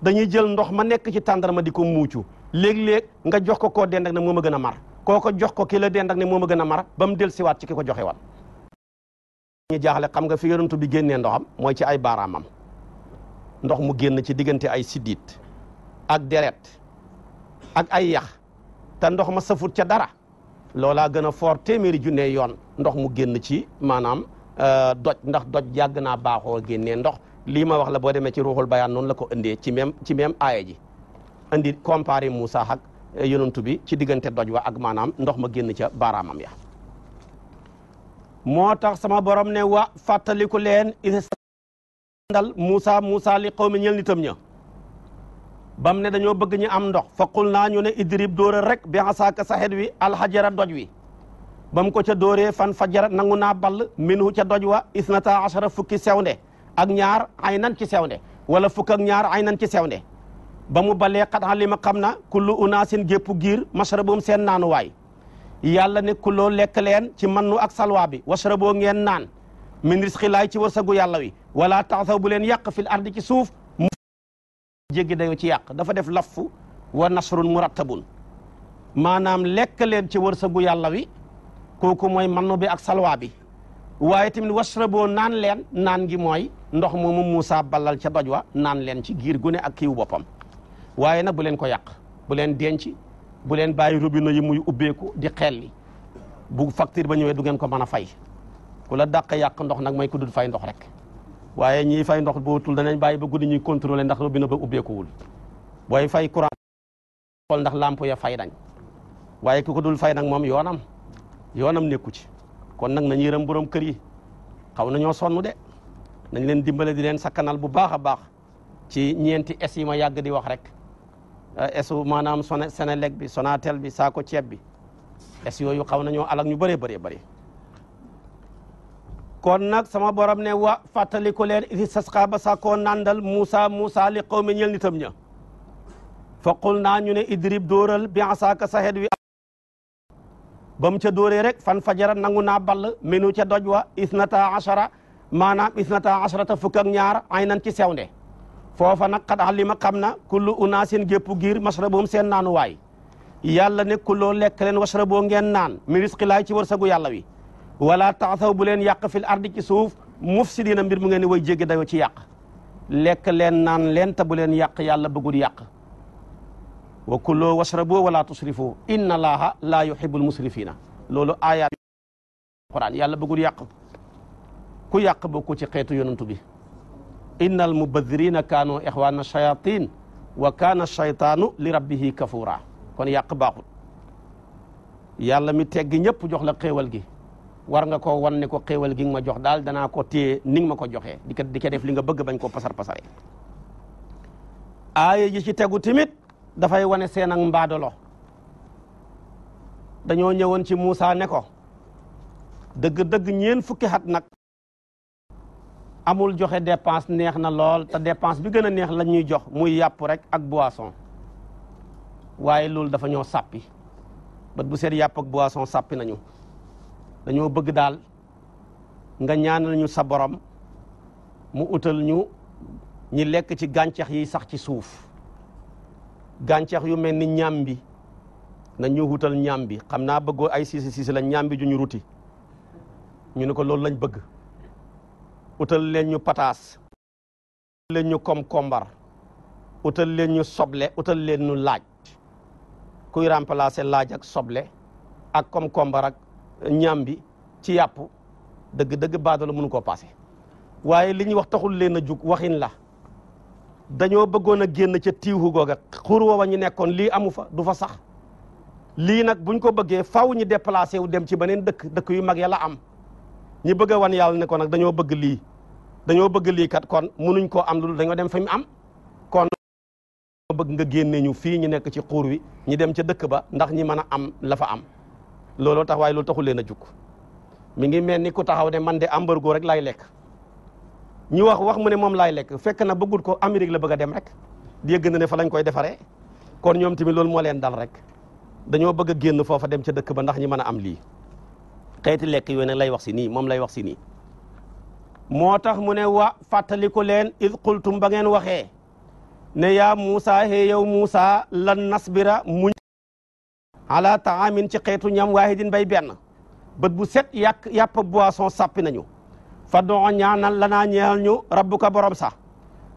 dañuy jël ndox ma nekk ci tàndarma di ko muucu léeg-léeg nga jox ko koo dend ne moom a gën a mar koo ko jox ko ki la dend ak ne moom gën a mar ba mu del siwaat ci ki ko joxe waat ñu jaaxle xam nga fi yonantu bi génnee ndoxam mooy ci ay baaraamam ndox mu génn ci diggante ay siddiit ak deret ak ay yax te ndox ma safut ca dara loolaa gën a fort téeméeri junne yoon ndox mu génn ci maanaam euh, doj ndax doj yàgg naa baaxoo génnee ndox lii ma wax la boo demee ci ruuxul bayaan noonu la ko indee ci même ci même aaya ji indi comparé Moussa ak euh, yonantu bi ci diggante doj wa ak maanaam ndox ma génn ca baaraamam ya moo tax sama borom ne wa fàttaliku leen is dal Moussa Moussa li xaw mi ñel nitam ña bam ne dañoo bëgg ñu am ndox faqul naa ñu ne idrib doore rek bi asaaka sa xet wi alxajara doj wi bam ko ca doore fan fajara nangu naa ball minhu ca doj wa isnata achara fukki sewnde ak ñaar ay nan ci sewnde wala fukk ak ñaar ay nan ci sewnde ba mu balee xat alima xam na kullu unaasin gépp giir mashrabum seen naanuwaay yàlla ne kulloo lekk leen ci mannu ak salwa bi washraboo ngeen naan min risqi laay ci sagu yàlla wi wala taxsaw bu leen yàq fil ardi ci suuf jéggi dayoo ci yàq dafa def laffu wa nasrun murattabun maanaam lekk leen ci wërsëgu yàlla wi kooku mooy mannu bi ak salwaa bi waaye tamit wasraboo naan leen naan gi mooy ndox moomu Moussa ballal ca doj wa naan leen ci giir gu ak kiiw boppam waaye nag bu leen ko yàq bu leen denc bu leen bàyyi robinet yi muy ubbeeku di xelli bu facture ba ñëwee du ngeen ko mën a fay ku la dàq yàq ndox nag mooy ku dul fay ndox rek waaye ñiy fay ndox bu wutul danañ bàyyi ba guddi ñuy contrôler ndax robinet ba ubbeekuwul booy fay courant xool ndax lamp ya fay nañ waaye ku dul fay nag moom yoonam yoonam nekku ci kon nag nañu yërëm borom kër yi xaw nañoo sonn de nañ leen dimbale di leen sakkanal bu baax a baax ci ñeenti es yi ma yàgg di wax rek esu eh, maanaam Senelec bi Sonatel bi saako ceeb bi es yooyu xaw nañoo alak ñu bëree bëree bëri kon nag sama borom ne wa fàttaliku leen isi sasqa ba sàkkoo nandal Moussa Moussa li xaw mi ñel nitam ña foqul naa ñu ne idrib dóoral bi asaaka sa xet wi ba ca dóoree rek fan fajara nangu naa ball minu ca doj wa isnata achara maanaam isnata acharata fukk ak ñaar ay nan ci sewnde foofa nag xat alima xam na kullu unaasin gépp giir mashrabum seen naanuwaay yàlla ne kulloo lekk leen washraboo ngeen naan mi risqi laay ci wërsëgu yàlla wi wala taasaw bu leen yàq fil ardi ci suuf mufsidina mbir mu ngeen di way jéggi dayoo ci yàq lekk leen naan leen te bu leen yàq yàlla bëggul yàq wa kulloo wasraboo wala tusrifoo inna allaha laa yuhibbul musrifina loolu aayaat alquran yàlla bëggul yàq ku yàq bokku ci xeetu yonantu bi inna al mubadirina kaanu ixwaana shayatin wa kaana shaytaanu li rabbihi kafuura kon yàq baaxul yàlla mi teggi ñëpp jox la xéewal gi war nga koo wan ne ko xéewal gi nga ma jox daal dana ko téye ni nga ma ko joxe di ko ko def li nga bëgg bañ koo pasar pasare aaya ji ci tegu tamit dafay wane seen ak mbaadolo dañoo ñëwoon ci Moussa ne ko dëgg-dëgg ñeen fukki at nag amul joxe dépense neex na lool te dépense bi gën a neex la ñuy jox muy yàpp rek ak boisson waaye loolu dafa ñoo sàppi bët bu seet yàpp ak boisson sàppi nañu dañoo bëgg daal nga ñaanal ñu sa borom mu utal ñu ñi lekk ci gàncax yi sax ci suuf gàncax yu mel ni ñàmbi na ñu wutal ñàmbi xam naa bëggoo ay siisi siisi la ñàmbi ju ñu ruti ñu ne ko loolu lañ bëgg utal leen ñu pataas lañu leen kom-kombar utal leen ñu soble utal leen ñu laaj kuy remplacer laaj ak soble ak kom-kombar ñaam bi ci yàpp dëgg-dëgg baadala mënu ko paase waaye li ñuy wax taxul leen a jug waxin la dañoo bëggoon a génn ca tiihu googa xur woowa ñu nekkoon lii amu fa du fa sax lii nag buñ ko bëggee faw ñu déplacé wu dem ci beneen dëkk dëkk yu mag yàlla am ñi bëgg a wan yàlla ne ko nag dañoo bëgg lii dañoo bëgg lii kat kon munuñ ko am loolu dañoo dem fa mu am kon bëgg nga génne ñu fii ñu nekk ci xuur wi ñu dem ca dëkk ba ndax ñi mën a am la fa am looloo tax waaye loolu taxul leen a jug mi ngi mel ni ku taxaw ne man de ambargo rek laay lekk ñu wax wax mu ne moom laay lekk fekk na bëggul ko Amérique la bëgga dem rek di yëgg na ne fa lañ koy defaree kon ñoom tamit lool moo leen dal rek dañoo bëgg a génn foofa dem ca dëkk ba ndax ñi mën a am lii xeeti lekk yooyu nag lay wax si nii moom lay wax si nii moo tax mu ne wa fàttaliku leen id qultum ba ngeen waxee ne yaa Muusa he yow Muusa lan nasbira muñ ala taamin ci xeetu ñam waahidin bay benn bat bu set yàq yàpp boisson sàppi nañu fa doo ñaanal lanaa ñeexal ñu rabbuka borom sax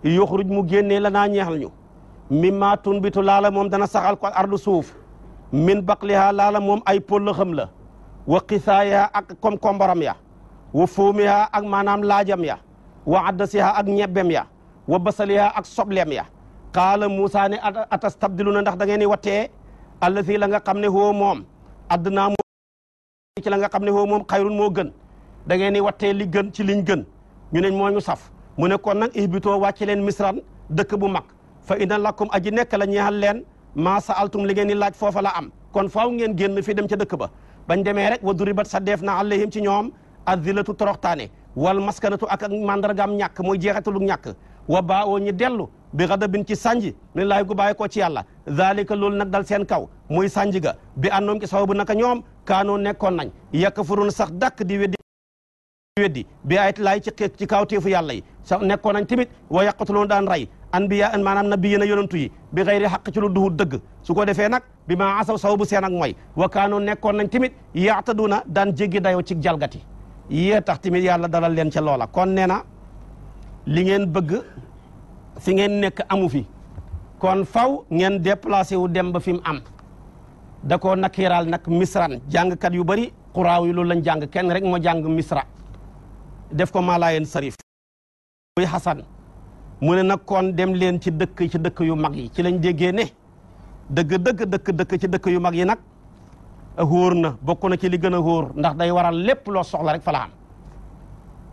yuxruj mu génnee lanaa ñeexal ñu mimma tunbitu laala moom dana saxal ko ardu suuf min baqliha laala moom ay pëllëxam la wa xisaayaha ak komkombaram ya wa fuumiha ak maanaam laajam ya wa addasiha ak ñebem ya wa basaliha ak soblem ya qaala Muusa ne atastabdiluna ndax da ngeen di wattee allati la nga xam ne woo moom addunaa moo ci la nga xam ne woo moom xayrun moo gën da ngeen di wattee li gën ci liñ gën ñu ne moo ñu saf mu ne kon nag ihbitoo wàcce leen misran dëkk bu mag fa inna lakum aji nekk la ñeexal leen maa saaltum li ngeen di laaj foofa la am kon faaw ngeen génn fii dem ca dëkk ba bañ demee rek wa duribat sa def na alayhim ci ñoom azilatu toroxtaane wal maskanatu ak ak mandargaam ñàkk mooy lu ñàkk wa baawoo ñi dellu bi xadabin ci sànji min laay gu bàyyi ko ci yàlla zalika lool nag dal seen kaw muy sànji ga bi annoom ci sababu naka ñoom kaanoo nekkoon nañ yakfurun sax dakk di weddi weddi bi ayit laay ci ci kawteefu yàlla yi sax nekkoon nañ tamit wa yaqatuluun daan rey anbiya an na bi yéen a yonantu yi bi xëyri xaq ci du duhul dëgg su ko defee nag bi maa asaw sababu seen nag mooy wa kaanoo nekkoon nañ tamit na daan jéggi dayoo ci jalgati yee tax tamit yàlla dalal leen ca loola kon nee na li ngeen si ngeen nekk amu fi kon faw ngeen déplacé wu dem ba fi mu am da koo nakiiraal nag misran jàngkat yu bëri xuraaw yi loolu lañ jàng kenn rek moo jàng misra def ko maalaayeen sarif muy xasan mu ne nag kon dem leen ci dëkk ci dëkk yu mag yi ci lañ déggee ne dëgg dëkk ci dëkk yu mag yi nag xóor na bokk na ci li gën a xóor ndax day waral lépp loo soxla rek fa la am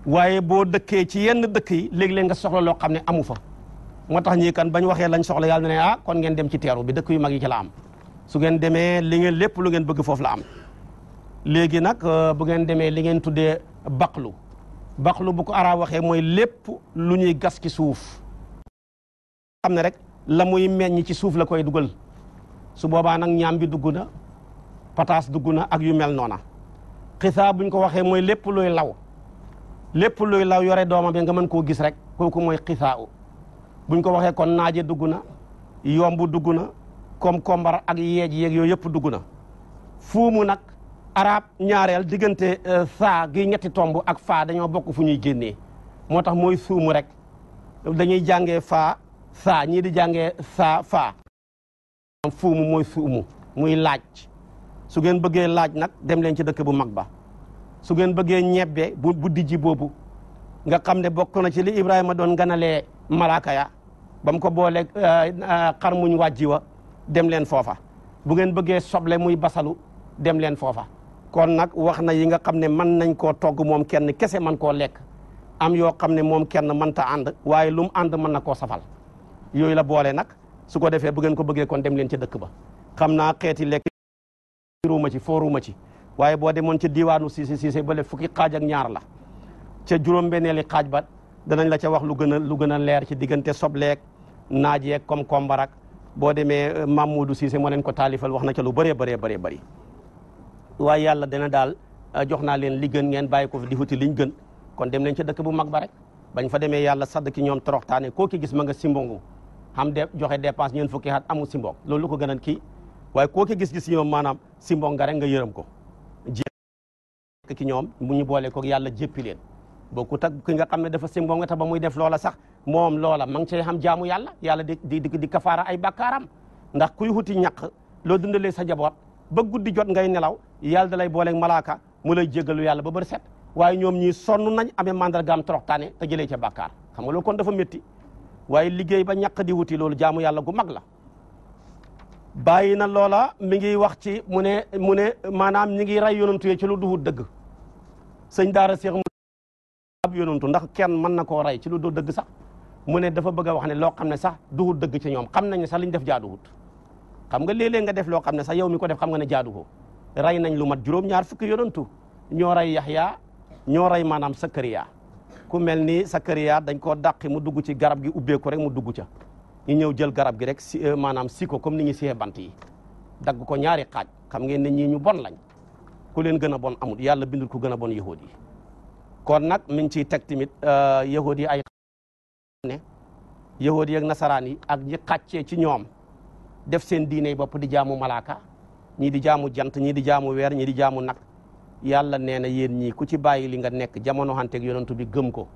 waaye boo dëkkee ci yenn dëkk yi léeg leen nga soxla loo xam ne amu fa moo tax ñi kan bañ waxee lañ soxla yàlla ne ne ah kon ngeen dem ci teeru bi dëkk yu mag yi ci la am su ngeen demee li ngeen lépp lu ngeen bëgg foofu la am nag euh, bu ngeen demee li ngeen tuddee baqlu baqlu bu ko ara waxee mooy lépp lu ñuy gas ci suuf xam ne rek la muy meññ ci suuf la koy dugal su boobaa nag ñaam bi dugg na pataas dugg na ak yu mel noona xisaa buñ ko waxee mooy lépp luy law lépp luy law yore doomam bi nga mën koo gis rek kooku mooy xisaa u buñ ko waxee kon naaje dugg na yomb dugg na comme kombar ak yeej yeeg yooyu yëpp dugg na fuumu nag arab ñaareel diggante euh, saa gi ñetti tomb ak faa dañoo bokk fu ñuy génnee moo tax mooy suumu rek dañuy jànge faa saa ñii di jànge saa faa fuumu mooy suumu muy laaj su ngeen bëggee laaj nag dem leen ci dëkk bu mag ba su ngeen bëggee ñebbe bu buddi ji boobu nga xam ne bokk na ci li Ibrahima doon ganalee malaaka ya ba mu ko booleeg euh, euh, xar muñ ji wa dem leen foofa bu ngeen bëggee soble muy basalu dem leen foofa kon nag wax na yi nga xam ne mën nañ koo togg moom kenn kese mën koo lekk am yoo xam ne moom kenn ta ànd waaye lu mu ànd mën na koo safal yooyu la boole nag su ko defee bu ngeen ko bëggee kon dem leen ci dëkk ba xam naa xeeti lekk ruuma ci fooruuma ci waaye boo demoon ci diwaanu Cissé Cissé fukki xaaj ñaar la ca juróom-benneeli xaaj ba danañ la ca wax lu gën a lu gën a leer ci diggante sobleek naaj yeeg comme kombarak boo demee euh, Mamadou Cissé moo leen ko taalifal wax na ca lu bëree bëree bëree bëri waaye yàlla dena daal euh, jox naa leen li gën ngeen bàyyi ko fi di wuti liñ gën kon dem leen ca dëkk bu mag ba rek bañ fa demee yàlla sadd ki ñoom toroxtaane koo ki gis ma nga simbongu xam de joxe depanse ñeen fukki at amul simbong loolu lu ko gënal kii waaye koo ki gis-gis ñoom maanaam simbong nga rek nga yërëm ko ki ñoom mu ñu boole ko yàlla jéppi leen bokkut ak ki nga xam ne dafa singoo nga ta ba muy def loola sax moom loola ma ngi cay xam jaamu yàlla yàlla di di di kafaara ay bàkkaaram ndax kuy xuti ñàq loo dundalee sa jaboot ba guddi jot ngay nelaw yàlla da lay booleeg malaaka mu lay jéggalu yàlla ba bër set waaye ñoom ñii sonn nañ amee mandargaam toroxtaane te jëlee ca bàkkaar xam nga loolu kon dafa métti waaye liggéey ba ñàq di wuti loolu jaamu yàlla gu mag la bàyyi na loola mi ngi wax ci mu ne mu ne maanaam ñi ngi ray ci lu duhut dëgg ab yonantu ndax kenn mën na ko rey ci lu dul dëgg sax mu ne dafa bëgg wax ne loo xam ne sax duhut dëgg ci ñoom xam nañ ne sax li ñu def jaaduwut xam nga léeg nga def loo xam ne sax yow mi ko def xam nga ne jaadu ko rey nañ lu mat juróom-ñaar fukki yonantu ñoo rey Yaxya ñoo ray maanaam Sakariya ku mel ni Sakariya dañ koo dàqi mu dugg ci garab gi ubbeeku rek mu dugg ca ñu ñëw jël garab gi rek si euh, maanaam si comme ni ñu siyee bant yi dagg ko ñaari xaaj xam ngeen ne ñii ñu bon lañ ku leen gën a bon amul yàlla bindul ku gën a bon yahuud yi kon nag mi ngi ciy teg tamit euh, yahudi yi ay ne yahudi yi ak nasaraan yi ak ñi xàccee ci ñoom def seen diine bopp di jaamu malaaka ñii di jaamu jant ñii di jaamu weer ñii di jaamu nag yàlla nee na yéen ñii ku ci bàyyi li nga nekk jamono xanteeg yonantu bi gëm ko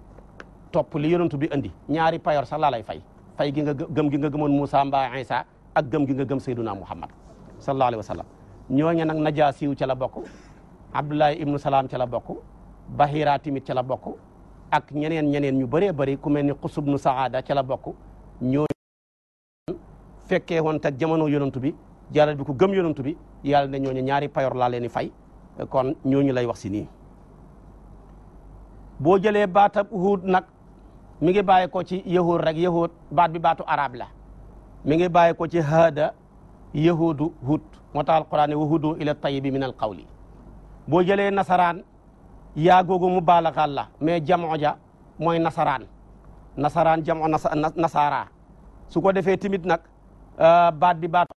topp li yonantu bi andi ñaari payor sax lay fay fay gi nga gëm gi nga gëmoon Moussa mbaa Isa ak gëm gi nga gëm Sayyiduna Muhammad sallallahu alayhi wa ñoo ñooñu nag Najaasiw ca la bokk Abdullahi ibnu Salaam la bokk Bahira timit ca la bokk ak ñeneen ñeneen ñu bëree bëri ku mel ni xusub nu saada ca la bokk ñoo fekkee woon teg jamono yonantu bi jàllal bi ku gëm yonantu bi yàlla ne ñooñu ñaari payor laa leen fay kon ñooñu lay wax si nii boo jëlee baata uhud nag mi ngi bàyyi ko ci yahud rek yahud baat bi baatu arab la mi ngi bàyyi ko ci haada yahudu hud moo tax alquran ne wahudu ila tayibi min al qawli boo jëlee nasaraan yaa googu mu baalaxaal la mais jamoo ja mooy nasaraan nasaraan jamoo nasaara su ko defee timit nag euh, baat bi baat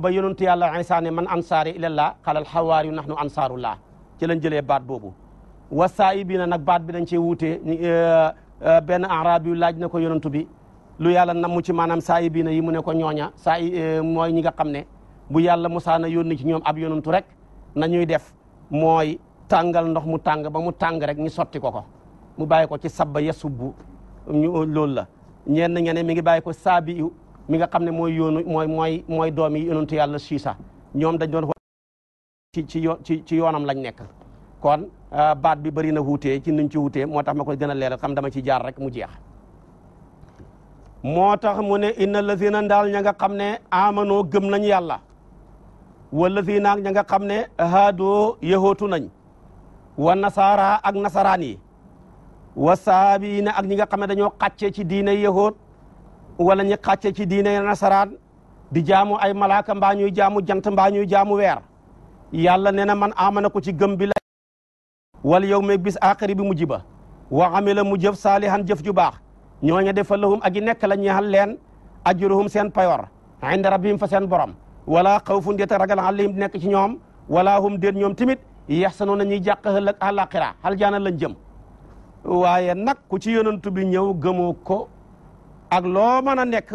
ba yonentu yàlla Isaa ne man ansaari ilallah xalal xawaari yu nax nu ansaarullah ci lañ jëlee baat boobu wa saa yi na nag baat bi dañ cee wuute euh, euh, benn arab yu laaj ne ko yonentu bi lu yàlla namu ci maanaam saa yi bii na yi mu ne ko ñooña saa yi mooy ñi nga xam ne bu yàlla musaana yónni ci ñoom ab yonentu rek na ñuy def mooy tàngal ndox mu tàng ba mu tàng rek ñu sotti ko ko mu bàyyi ko ci sabba yasubbu ñu loolu la ñenn ñeneen mi ngi bàyyi ko saabi yu mi nga xam ne mooy yoonu mooy mooy mooy doom yi yonentu yàlla siisa ñoom dañ doon ci ci ci ci yoonam lañ nekk kon euh, baat bi bari na wuutee ci nuñ ci wuutee moo tax ma ko gën a leeral xam dama ci jaar rek mu jeex moo tax mu ne inna lazina ndaal ña nga xam ne amanoo gëm nañ yàlla wala fii ña nga xam ne haadoo yahootu nañ wa nasaara ak nasaraan yi wa saabiina ak ñi nga xam ne dañoo xàccee ci diina yahood wala ñi xàccee ci diina nasaraan di jaamu ay malaaka mbaa ñuy jaamu jant mbaa ñuy jaamu weer yàlla nee na man amana ko ci gëm bi la wal yow me bis aaxiri bi mujj ba wa amila mu jëf saalihan jëf ju baax ñooña defal lahum ak yi nekk la ñeexal leen ajruhum seen payor inda rabbihim fa seen borom wala xawfun déet ragal alayhim di nekk ci ñoom wala hum déet ñoom timit yaxsanoona ñuy jàq ëllëg àllaaxira aljaana lañ jëm waaye nag ku ci yonantu bi ñëw gëmoo ko ak loo mën a nekk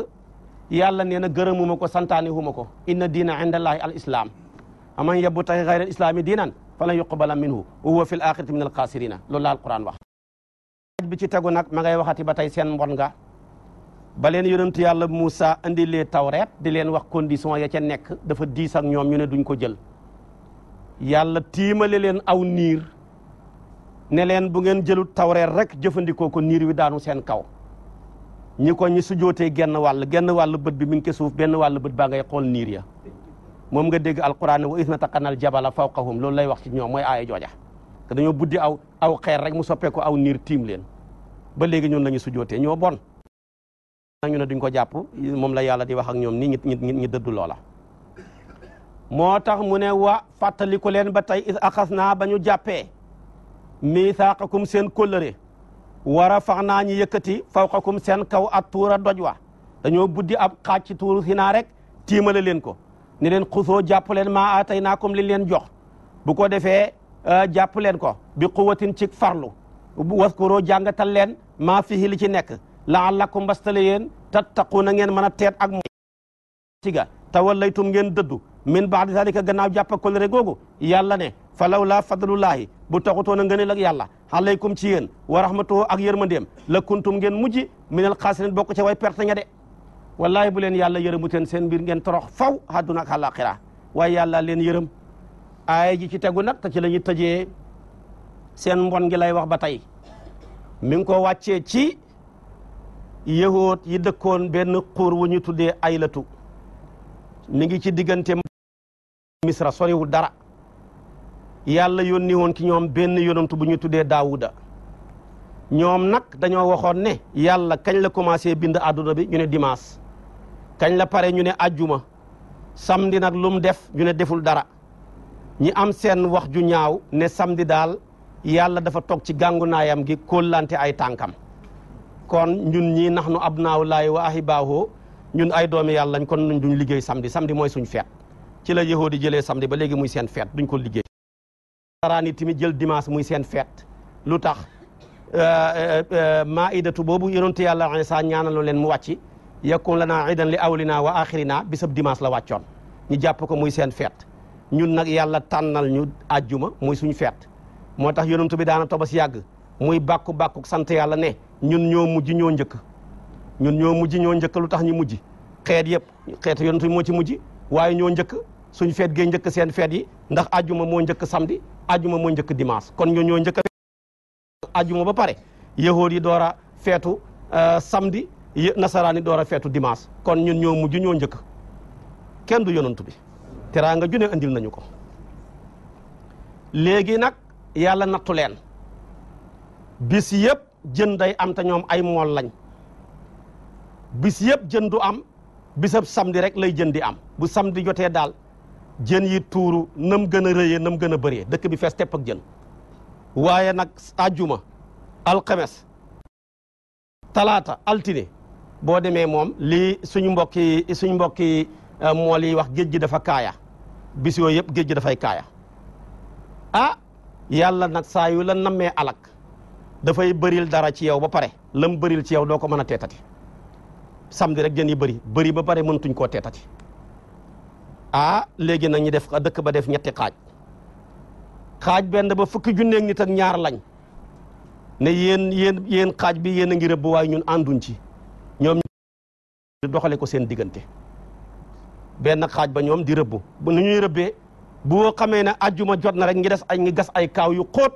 yàlla nee na gërëmuma ko santaane huma ko inna diina indallaahi al islam aman yabtaxi xayra al islaami diinan falan yuqbala minhu wa huwa fil axirati min al xaasirina loolu la alquran wax aj bi ci tegu nag ma ngay ba tey seen mbon nga ba leen yonantu yàlla Moussa indi lee tawreet di leen wax condition ya ca nekk dafa diis ak ñoom ñu ne duñ ko jël yàlla tiimale leen aw niir ne leen bu ngeen jëlut tawreer rek jëfandikoo ko niir wi daanu seen kaw ñi ko ñi su jootee genn wàll genn wàll bët bi mu ngi ci suuf benn wàll bët baa ngay xool niir ya moom nga dégg alquran wa isna taqanal jabala fawqahum loolu lay wax ci ñoom mooy aaya jooja te dañoo buddi aw aw xeer rek mu soppeeku aw niir tiim leen ba léegi ñun la ñu sujootee ñoo bon. ñu ne duñ ko jàpp moom la yàlla di wax ak ñoom ni ñi ñi ñi dëdd loola. moo tax mu ne wa fàttaliku leen ba tey is axas naa ba ñu jàppee miisaaqakum seen kóllëre war a fax naa ñu yëkkati fawqakum seen kaw at tuura doj wa dañoo buddi ab xaaj ci tuuru Sinaa rek tiimale leen ko ni leen xusoo jàpp leen maa aatay naa comme li leen jox bu ko defee euh, jàpp leen ko bi quwatin ci farlu waskuroo jàngatal leen maa fihi li ci nekk laallakum mbastale yéen tattaquuna ngeen mën a teet ak tiga ci ga tawallaytum ngeen dëddu min baadi zalika gannaaw jàpp ak kolere googu yàlla ne fa lawla fadlullahi bu taxutoon a ngëneel ak yàlla alaykum ci yéen wa rahmatuhu ak yërmandeem la kuntum ngeen mujj minal xaasiriin bokk ce way perte ña de wallahi bu leen yàlla yërëmuteen seen mbir ngeen torox faw àdduna ak àllaaxira waaye yàlla leen yërëm aaya ji ci tegu nag te ci la ñuy seen mbon gi lay wax ba tey mi ngi ko wàccee ci yahood yi dëkkoon benn xuur wu ñu tuddee aylatu mi ngi ci diggante misra soriwul dara yàlla yónni woon ci ñoom benn yonantu bu ñu tuddee daawuda ñoom nag dañoo waxoon ne yàlla kañ la commencé bind àdduna bi ñu ne dimanche kañ la pare ñu ne ajjuma samedi nag lu mu def ñu ne deful dara ñi am seen wax ju ñaaw ne samedi daal yàlla dafa toog ci gàngu naayam gi kóllante ay tànkam kon ñun ñii nax nu abnaaw laay wa ahibaahu ñun ay doomi yàlla lañ kon nuñ duñ liggéey samedi samedi mooy suñ fet ci la yahudi jëlee samedi ba léegi muy seen feet duñ ko liggéey nasaraan yi tamit jël dimanche muy seen feet lu tax euh, euh, euh, maidatu boobu yonentu yàlla Iisaa ñaanaloo leen mu wàcci yakun lana idan li awlina wa axirina bisab dimance la wàccoon ñu jàpp ko muy seen feet ñun nag yàlla tànnal ñu àjjuma muy suñ feet moo tax yonentu bi daana tobas yàgg muy bàkku bàkku sant yàlla ne ñun ñoo mujj ñoo njëkk ñun ñoo mujj ñoo njëkk lu tax ñu mujj xeet yëpp xeet yonentu bi moo ci mujj waaye ñoo njëkk suñ feet gee njëkk seen feet yi ndax ajjuma moo njëkk samedi ajjuma moo njëkk dimanche kon ñoo ñoo njëkk ajjuma ba pare yahood yi door a feetu euh, samedi nasaraan yi door a feetu dimanche kon ñun ñoo mujj njëkk kenn du yonantu bi teraanga ju ne andil nañu ko léegi nag yàlla nattu leen bis yëpp jën day am te ñoom ay mool lañ bis yëpp jën du am bisab samedi rek lay jën di am bu samedi jotee daal jën yi tuuru nam gën a rëyee nam gën a bëree dëkk bi fees tepp ak jën waaye nag ajjuma alxames talaata altine boo demee moom lii suñu mbokki suñ mbokki euh, moo liy wax géej gi dafa kaaya bis yooyu yëpp géej dafay kaaya a ah, yàlla nag saa yu la nammee alak dafay bëril dara ci yow ba pare lam bëriil ci yow doo ko mën a teetati samedi rek jën yi bëri bëri ba pare mëntuñ koo teetati ah léegi nag ñu def dëkk ba def ñetti xaaj xaaj benn ba fukki junneeg nit ak ñaar lañ ne yéen yéen yéen xaaj bi yéen a ngi rëbb waaye ñun ànduñ ci ñoom di doxale ko seen diggante benn xaaj ba ñoom di rëbb bu nu ñuy rëbbee boo xamee ne ajjuma jot na rek ngi des ay ngi gas ay kaaw yu xóot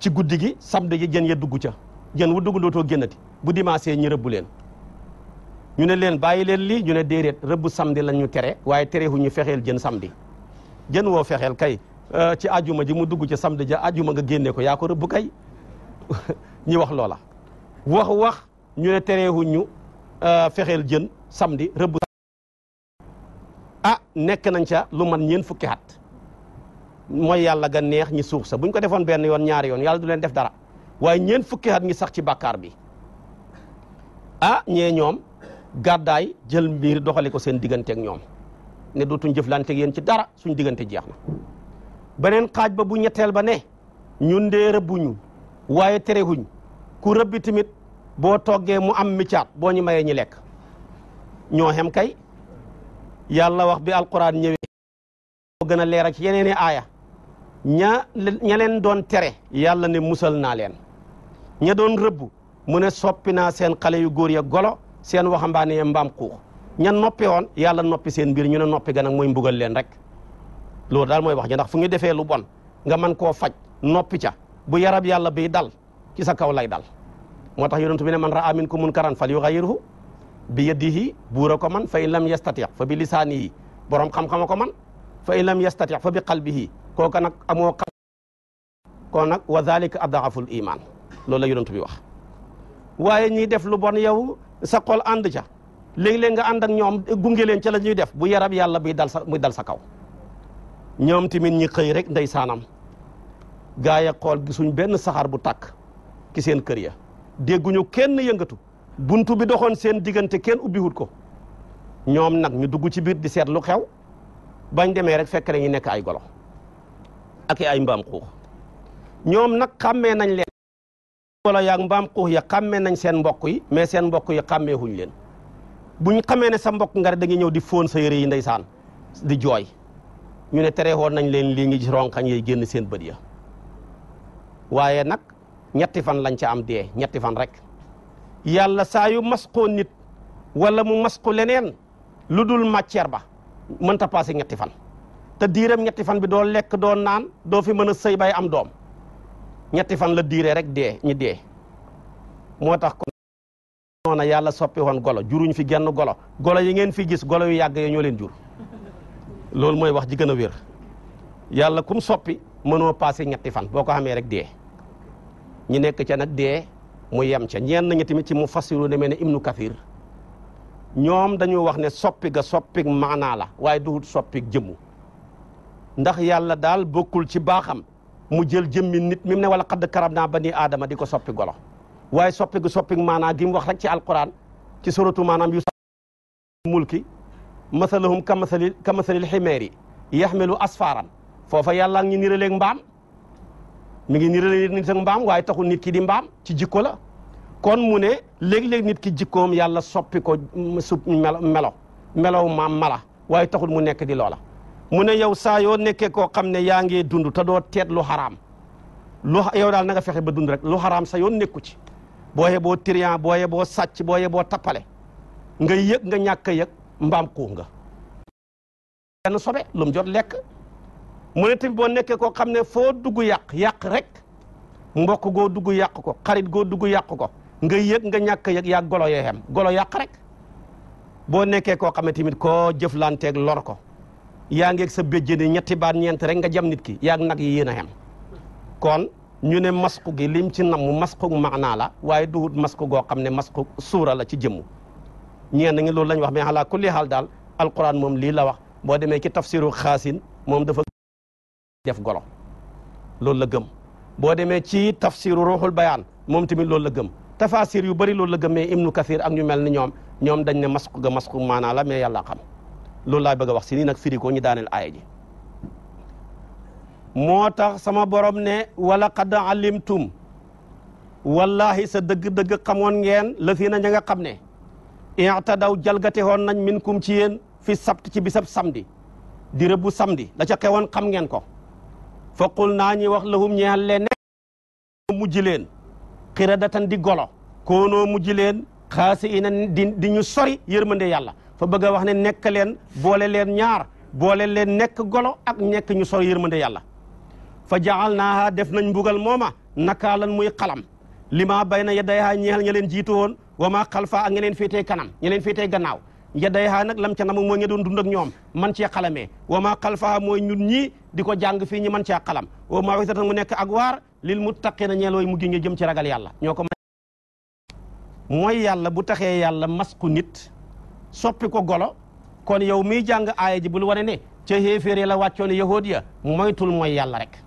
ci guddi gi samedi gi jën ya dugg ca jën wu dugg dootoo génnati bu dimanche ñu rëbb leen ñu ne leen bàyyi leen lii ñu ne déedéet rëbb samedi lañ ñu tere waaye terewuñ ñu fexeel jën samedi jën woo fexeel kay euh, ci ajuma ji mu dugg ci samedi ja ajuma nga génne ko yaa ko rëbb kay ñi wax loola wax wax ñu ne terewuñ ñu euh, fexeel jën samedi rëbb ah nekk nañ ca lu man ñeen fukki at mooy yàlla ga neex ñi suuf sa buñ ko defoon benn yoon ñaari yoon yàlla du leen def dara waaye ñeen fukki at ñi sax ci bàkkaar bi ah ñee ñoom gàddaay jël mbir doxaliko seen diggante ak ñoom ne dootuñ jëflante ak ci dara suñ diggante jeex na beneen xaaj ba bu ñetteel ba ne ñun dee rëbbuñu waaye terewuñ ku rëbbi tamit boo toggee mu am miccaat boo ñu mayee ñi lekk ñoo xem kay yàlla wax bi alquran ñëwee boo gën a leer ak yeneen i aaya ña ña leen doon tere yàlla ne musal naa leen ña doon rëbb mu ne soppi naa seen xale yu góor ya golo seen waxambaane yee mbaam xuux ña noppi woon yàlla noppi seen mbir ñu ne noppi ga nag mooy mbugal leen rek loolu daal mooy wax ji ndax fu ñu defee lu bon nga mën koo faj noppi ca bu yarab yàlla biy dal ci sa kaw lay dal moo tax yonent bi ne man raa minkum munkaran falyughayyirhu bi yadihi buur a ko man fa in lam yastati fa bi lisaanihi borom xam-xama ko man fa in lam yastati fa bi qalbihi kooka nag amoo xam koo nag wa dhalika ad'aful iman loolu la yonent bi wax sa xool ànd ca léeg-léeg nga ànd ak ñoom gunge leen ca la ñuy def bu yarab yàlla buy dal sa muy dal sa kaw ñoom tamit ñi xëy rek ndey saanam gaay ya xool gisuñ benn saxaar bu tàkk ki seen kër ya dégguñu kenn yëngatu buntu bi doxoon seen diggante kenn ubbiwut ko ñoom nag ñu dugg ci biir di seet lu xew bañ demee rek fekk na ñu nekk ay golo ak ay mbaam xuux ñoom nag xàmmee nañ leen wala yaag mbaam xuux ya xàmmee nañ seen mbokk yi mais seen mbokk yi xàmmeewuñ leen buñ xamee ne sa mbokk nga da nga ñëw di foon sa yére yi ndeysaan di jooy ñu ne tere woon nañ leen lii ngi ci ronkañ yay génn seen bët ya waaye nag ñetti fan lañ ca am dee ñetti fan rek yàlla saa yu masqoo nit walla mu masqu leneen lu dul matière ba mënta passé ñetti fan te diiram ñetti fan bi doo lekk doo naan doo fi mën a sëy bay am doom ñetti fan la diire rek dee ñi dee moo tax kon noona yàlla soppi woon golo juruñ fi genn golo golo yi ngeen fi gis golo yu yàgg ya ñoo leen jur loolu mooy wax ji a wér yàlla kum soppi mënoo passé ñetti fan boo ko xamee rek dee ñi nekk ca nag dee mu yem ca ñeen nañu tamit ci mu fasiru demee ne Ibnu Kathir ñoom dañu wax ne soppi ga soppi maanaa la waaye du soppi jëmm ndax yàlla daal bokkul ci baaxam mu jël jëmmi nit mi mu ne wala xadd karam naa bani aadama di ko soppi golo waaye soppi gu soppi maanaa gi mu wax rek ci alquran ci suratu maanaam yu mulki masalahum ka masali ka masalil ximeeri yaxmelu asfaaran foofa yàlla ngi niraleeg mbaam mu ngi niraleeg nit ak mbaam waaye taxul nit ki di mbaam ci jikko la kon mu ne léeg-léeg nit ki jikkoom yàlla soppi ko su melo melo melow maam mala waaye taxul mu nekk di loola mu ne yow saa yoo nekkee koo xam ne yaa ngee dund ta doo teet lu xaraam lu yow daal na nga fexe ba dund rek lu xaraam sa yoon nekku ci boo yeboo trian boo yeboo sàcc boo yeboo tappale nga yëg nga ñàkk a yëg mbaam ku nga benn sobe lu mu jot lekk mu ne tamit boo nekkee koo xam ne foo dugg yàq yàq rek mbokk goo dugg yàq ko xarit goo dugg yàq ko nga yëg nga ñàkk a yëg golo yoo xam golo yàq rek boo nekkee koo xam ne ko koo jëflanteeg lor ko yaa ngeeg sa béjjéne ñetti baat ñeent rek nga jam nit ki yaa nag yi yéen xem kon ñu ne masku gi lim ci namm masku maanaa la waaye duhut masku goo xam ne masku suura la ci jëmm ñeen ngi loolu lañu wax mais ala kulli xaal daal alquran moom lii la wax boo demee ci tafsiru xaasin moom dafa def golo loolu la gëm boo demee ci tafsiru ruuxul bayaan moom tamit loolu la gëm tafasir yu bari loolu la gëm mais ibnu kathir ak ñu mel ni ñoom ñoom dañ ne masku ga masku maanaa la mais yàlla xam loolu laay bëgg a wax si nii nag firi ko ñu daaneel aaya moo tax sama borom ne wala qad alimtum wallahi sa dëgg-dëgg xamoon ngeen la fii na nga xam ne i'tadaw jalgate woon nañ min kum ci yéen fi sabt ci bisab samedi di rëbbu samedi la ca xewoon xam ngeen ko fa qul naa ñi wax lahum ñeel leen ne mujj leen xiradatan di golo koonoo mujj leen xaasi ina di di ñu sori yërmande yàlla fa bëgg a wax ne nekk leen boole leen ñaar boole leen nekk golo ak nekk ñu ma de yàlla fa jaxal naaha def nañ mbugal mooma lan muy xalam lima bay na yadayhaa ñeexal ña leen jiitu woon wa maa xalfa ak ña leen féetee kanam ña leen féetee gannaaw yadayhaa nag lam ca namu mooy ña doon dund ak ñoom man cee xalamee wa maa xalfa mooy ñun ñi di ko jàng fii ñi man cee xalam wa maa wisatan mu nekk ak waar lil muttaqina ñeel way mujj nga jëm ci ragal yàlla ñoo ko yàlla bu taxee yàlla masku nit soppi ko golo kon yow mi jàng aaya ji bul wane ne ca xéeféer la wàccoon yahood ya moytul mooy yàlla rek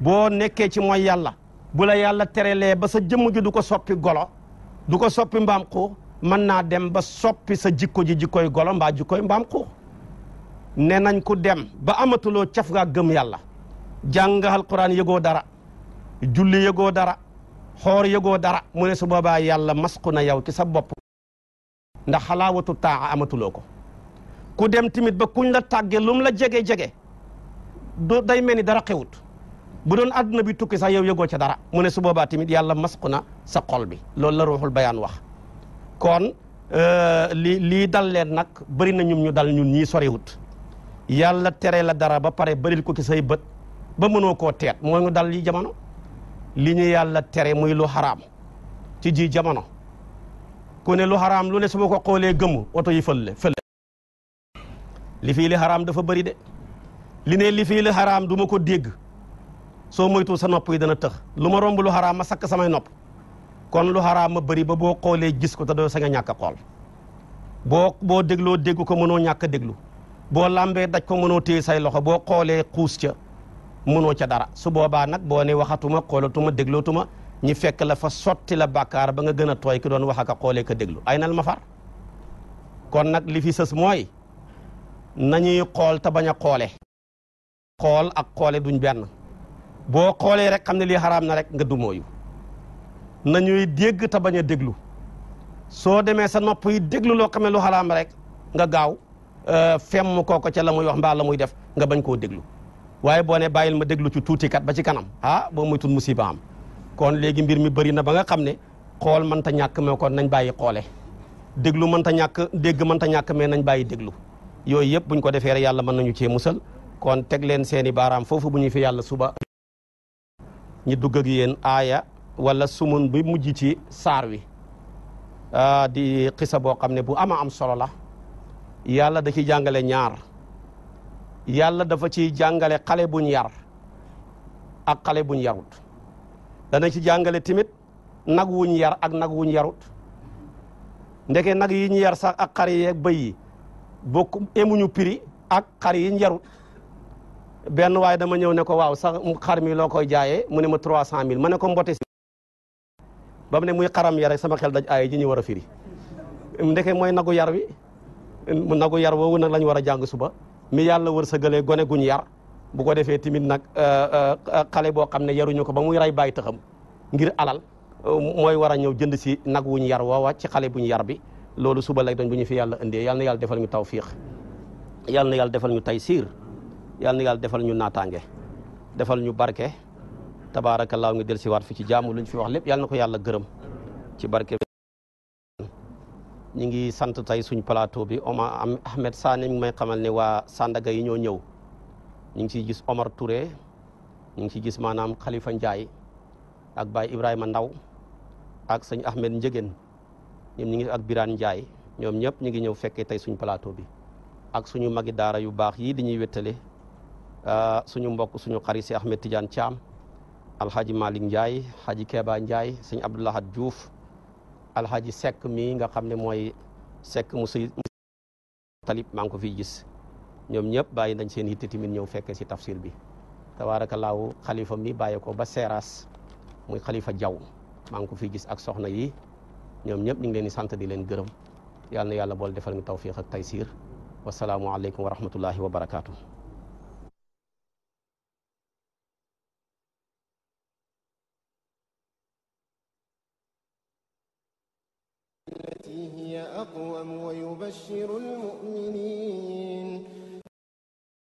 boo nekkee ci mooy yàlla bu la yàlla terelee ba sa jëmm ji du ko soppi golo du ko soppi mbaam xuux mën naa dem ba soppi sa jikko ji jikkoy golo mbaa jikkoy mbaam xuux ne nañ ko dem ba amatuloo caf ngaa gëm yàlla jàng alquran yëgoo dara julli yegoo dara xoor yëgoo dara mu ne su boobaa yàlla masku na yow ci sa bopp ndax xalaawatu taa amatuloo ko ku dem tamit ba kuñ la tàggee lum la jege jege du day mel ni dara xewut bu doon àdduna bi tukki sax yow yëgoo ca dara mu ne su boobaa tamit yàlla masqu na sa xol bi loolu la ruuxul bayaan wax kon euh, li lii dal leen nag bëri na ñum ñu dal ñun ñii soriwut yàlla tere la dara ba pare bëril ko ci say bët ba mënoo koo teet moo ñu dal li jamono li ñu yàlla tere muy lu xaraam ci ji jamono ku ne lu xaraam lu su ma ko xoolee gëmm oto yi fële fële li fii li xaraam dafa bari de li ne li fii li xaraam du ma ko dégg soo moytu sa nopp yi dana tëx lu ma romb lu xaraam ma sakk samay nopp kon lu xaraam ma bari ba boo xoolee gis ko te doo sa ñàkk a xool boo boo dégloo dégg ko mënoo ñàkk déglu boo làmbee daj ko mënoo téye say loxo boo xoolee xuus ca mënoo ca dara su boobaa nag boo ne waxatuma xoolatuma déglootuma ñi fekk la fa sotti la bàkkaar ba nga gën a tooy ki doon wax ak a xoolee ka déglu ay nal ma far kon nag li fi sës mooy ñuy xool te bañ a xoole xool ak xoole duñ benn boo xoolee rek xam ne lii xaraam na rek nga du dumooyu nañuy dégg te bañ a déglu soo demee sa nopp yi déglu loo xam ne lu xaraam rek nga gaaw euh, femm kooko ca la muy wax mbaa la muy def nga bañ koo déglu waaye boo ne bàyyil ma déglu ci tuuti kat ba ci kanam ah boo muy mu musiba am kon léegi mbir mi bari na ba nga xam ne xool mënta ñàkk mais kon nañ bàyyi xoole déglu mënta ñàkk dégg mënta ñàkk mais nañ bàyyi déglu yooyu yëpp buñ ko defee rek yàlla mën nañu cee musal kon teg leen seeni baaraam foofu bu ñu fi yàlla suba ñi dugg ak yéen aaya wala sumun bi mujj ci saar wi ah, di xisa boo xam ne bu ama am solo la yàlla da ci jàngale ñaar yàlla dafa ci jàngale xale buñ yar ak xale buñ yarut danañ ci jàngale timit nag wuñ yar ak nag wuñ yarut ndeke nag yi ñu yar sax ak xar yi ak bëy yi bokk emuñu prix ak xar yiñ ñu yarut benn waaye dama ñëw ne ko waaw sax xar mi loo koy jaayee mu ne ma trois cent mille ma ne ko mbote si ba ne muy xaram yare sama xel daj aay ji ñu war a firi ndeke mooy nagu yar wi nagu yar woowu nag lañ war a jàng suba mi yàlla war wërsëgalee gone guñ yar bu ko defee tamit nag euh, euh, euh, xale boo xam ne yaruñu ko ba muy rey bàyyi taxam ngir alal mooy war a ñëw jënd si nag wuñ yar woowa ci xale buñ yar bi loolu suba lay doon bu ñu fi yàlla indee yal yàlla defal ñu tawfiq yal na yàlla defal ñu taysiir yal na yàlla defal ñu naataange defal ñu barke tabaarakallaahu ngi del si waat fi ci jaamu luñ fi wax lépp yal na ko yàlla gërëm ci barke ñi ngi sant tey suñ plateau bi Oma Ahmed Sané mi may xamal ne waa Sandaga yi ñoo ñëw ñu ngi ciy gis Omar Touré ñu ngi ciy gis maanaam Khalifa njaay ak Baye Ibrahima Ndaw ak sëñ Ahmed Njëgeen ñoom ñu ngi ak biraan Ndiaye ñoom ñëpp ñu ngi ñëw fekkee tey suñu plateau bi ak suñu magi daara yu baax yii di ñuy wettale euh, suñu mbokk suñu xarit si Ahmed Tidiane Thiam alhaji Malick Ndiaye haji Keba Ndiaye sëñ Abdoulahad Diouf alhaji Seck mii nga xam ne mooy sekk mu sëy Talib maa ngi ko fiy gis ñoom ñëpp bàyyi nañ seen yitte tamit ñëw fekke si tafsir bi tabaarakallaahu xalifa mi bàyyi ko ba seeraas muy xalifa jaw maa ko fi gis ak soxna yi ñoom ñëpp ñu leen di sant di leen gërëm yal yàlla bool defal ñu tawfiq ak taysir wasalaamualeykum wa rahmatullahi wa barakaatu. التي هي أقوم ويبشر المؤمنين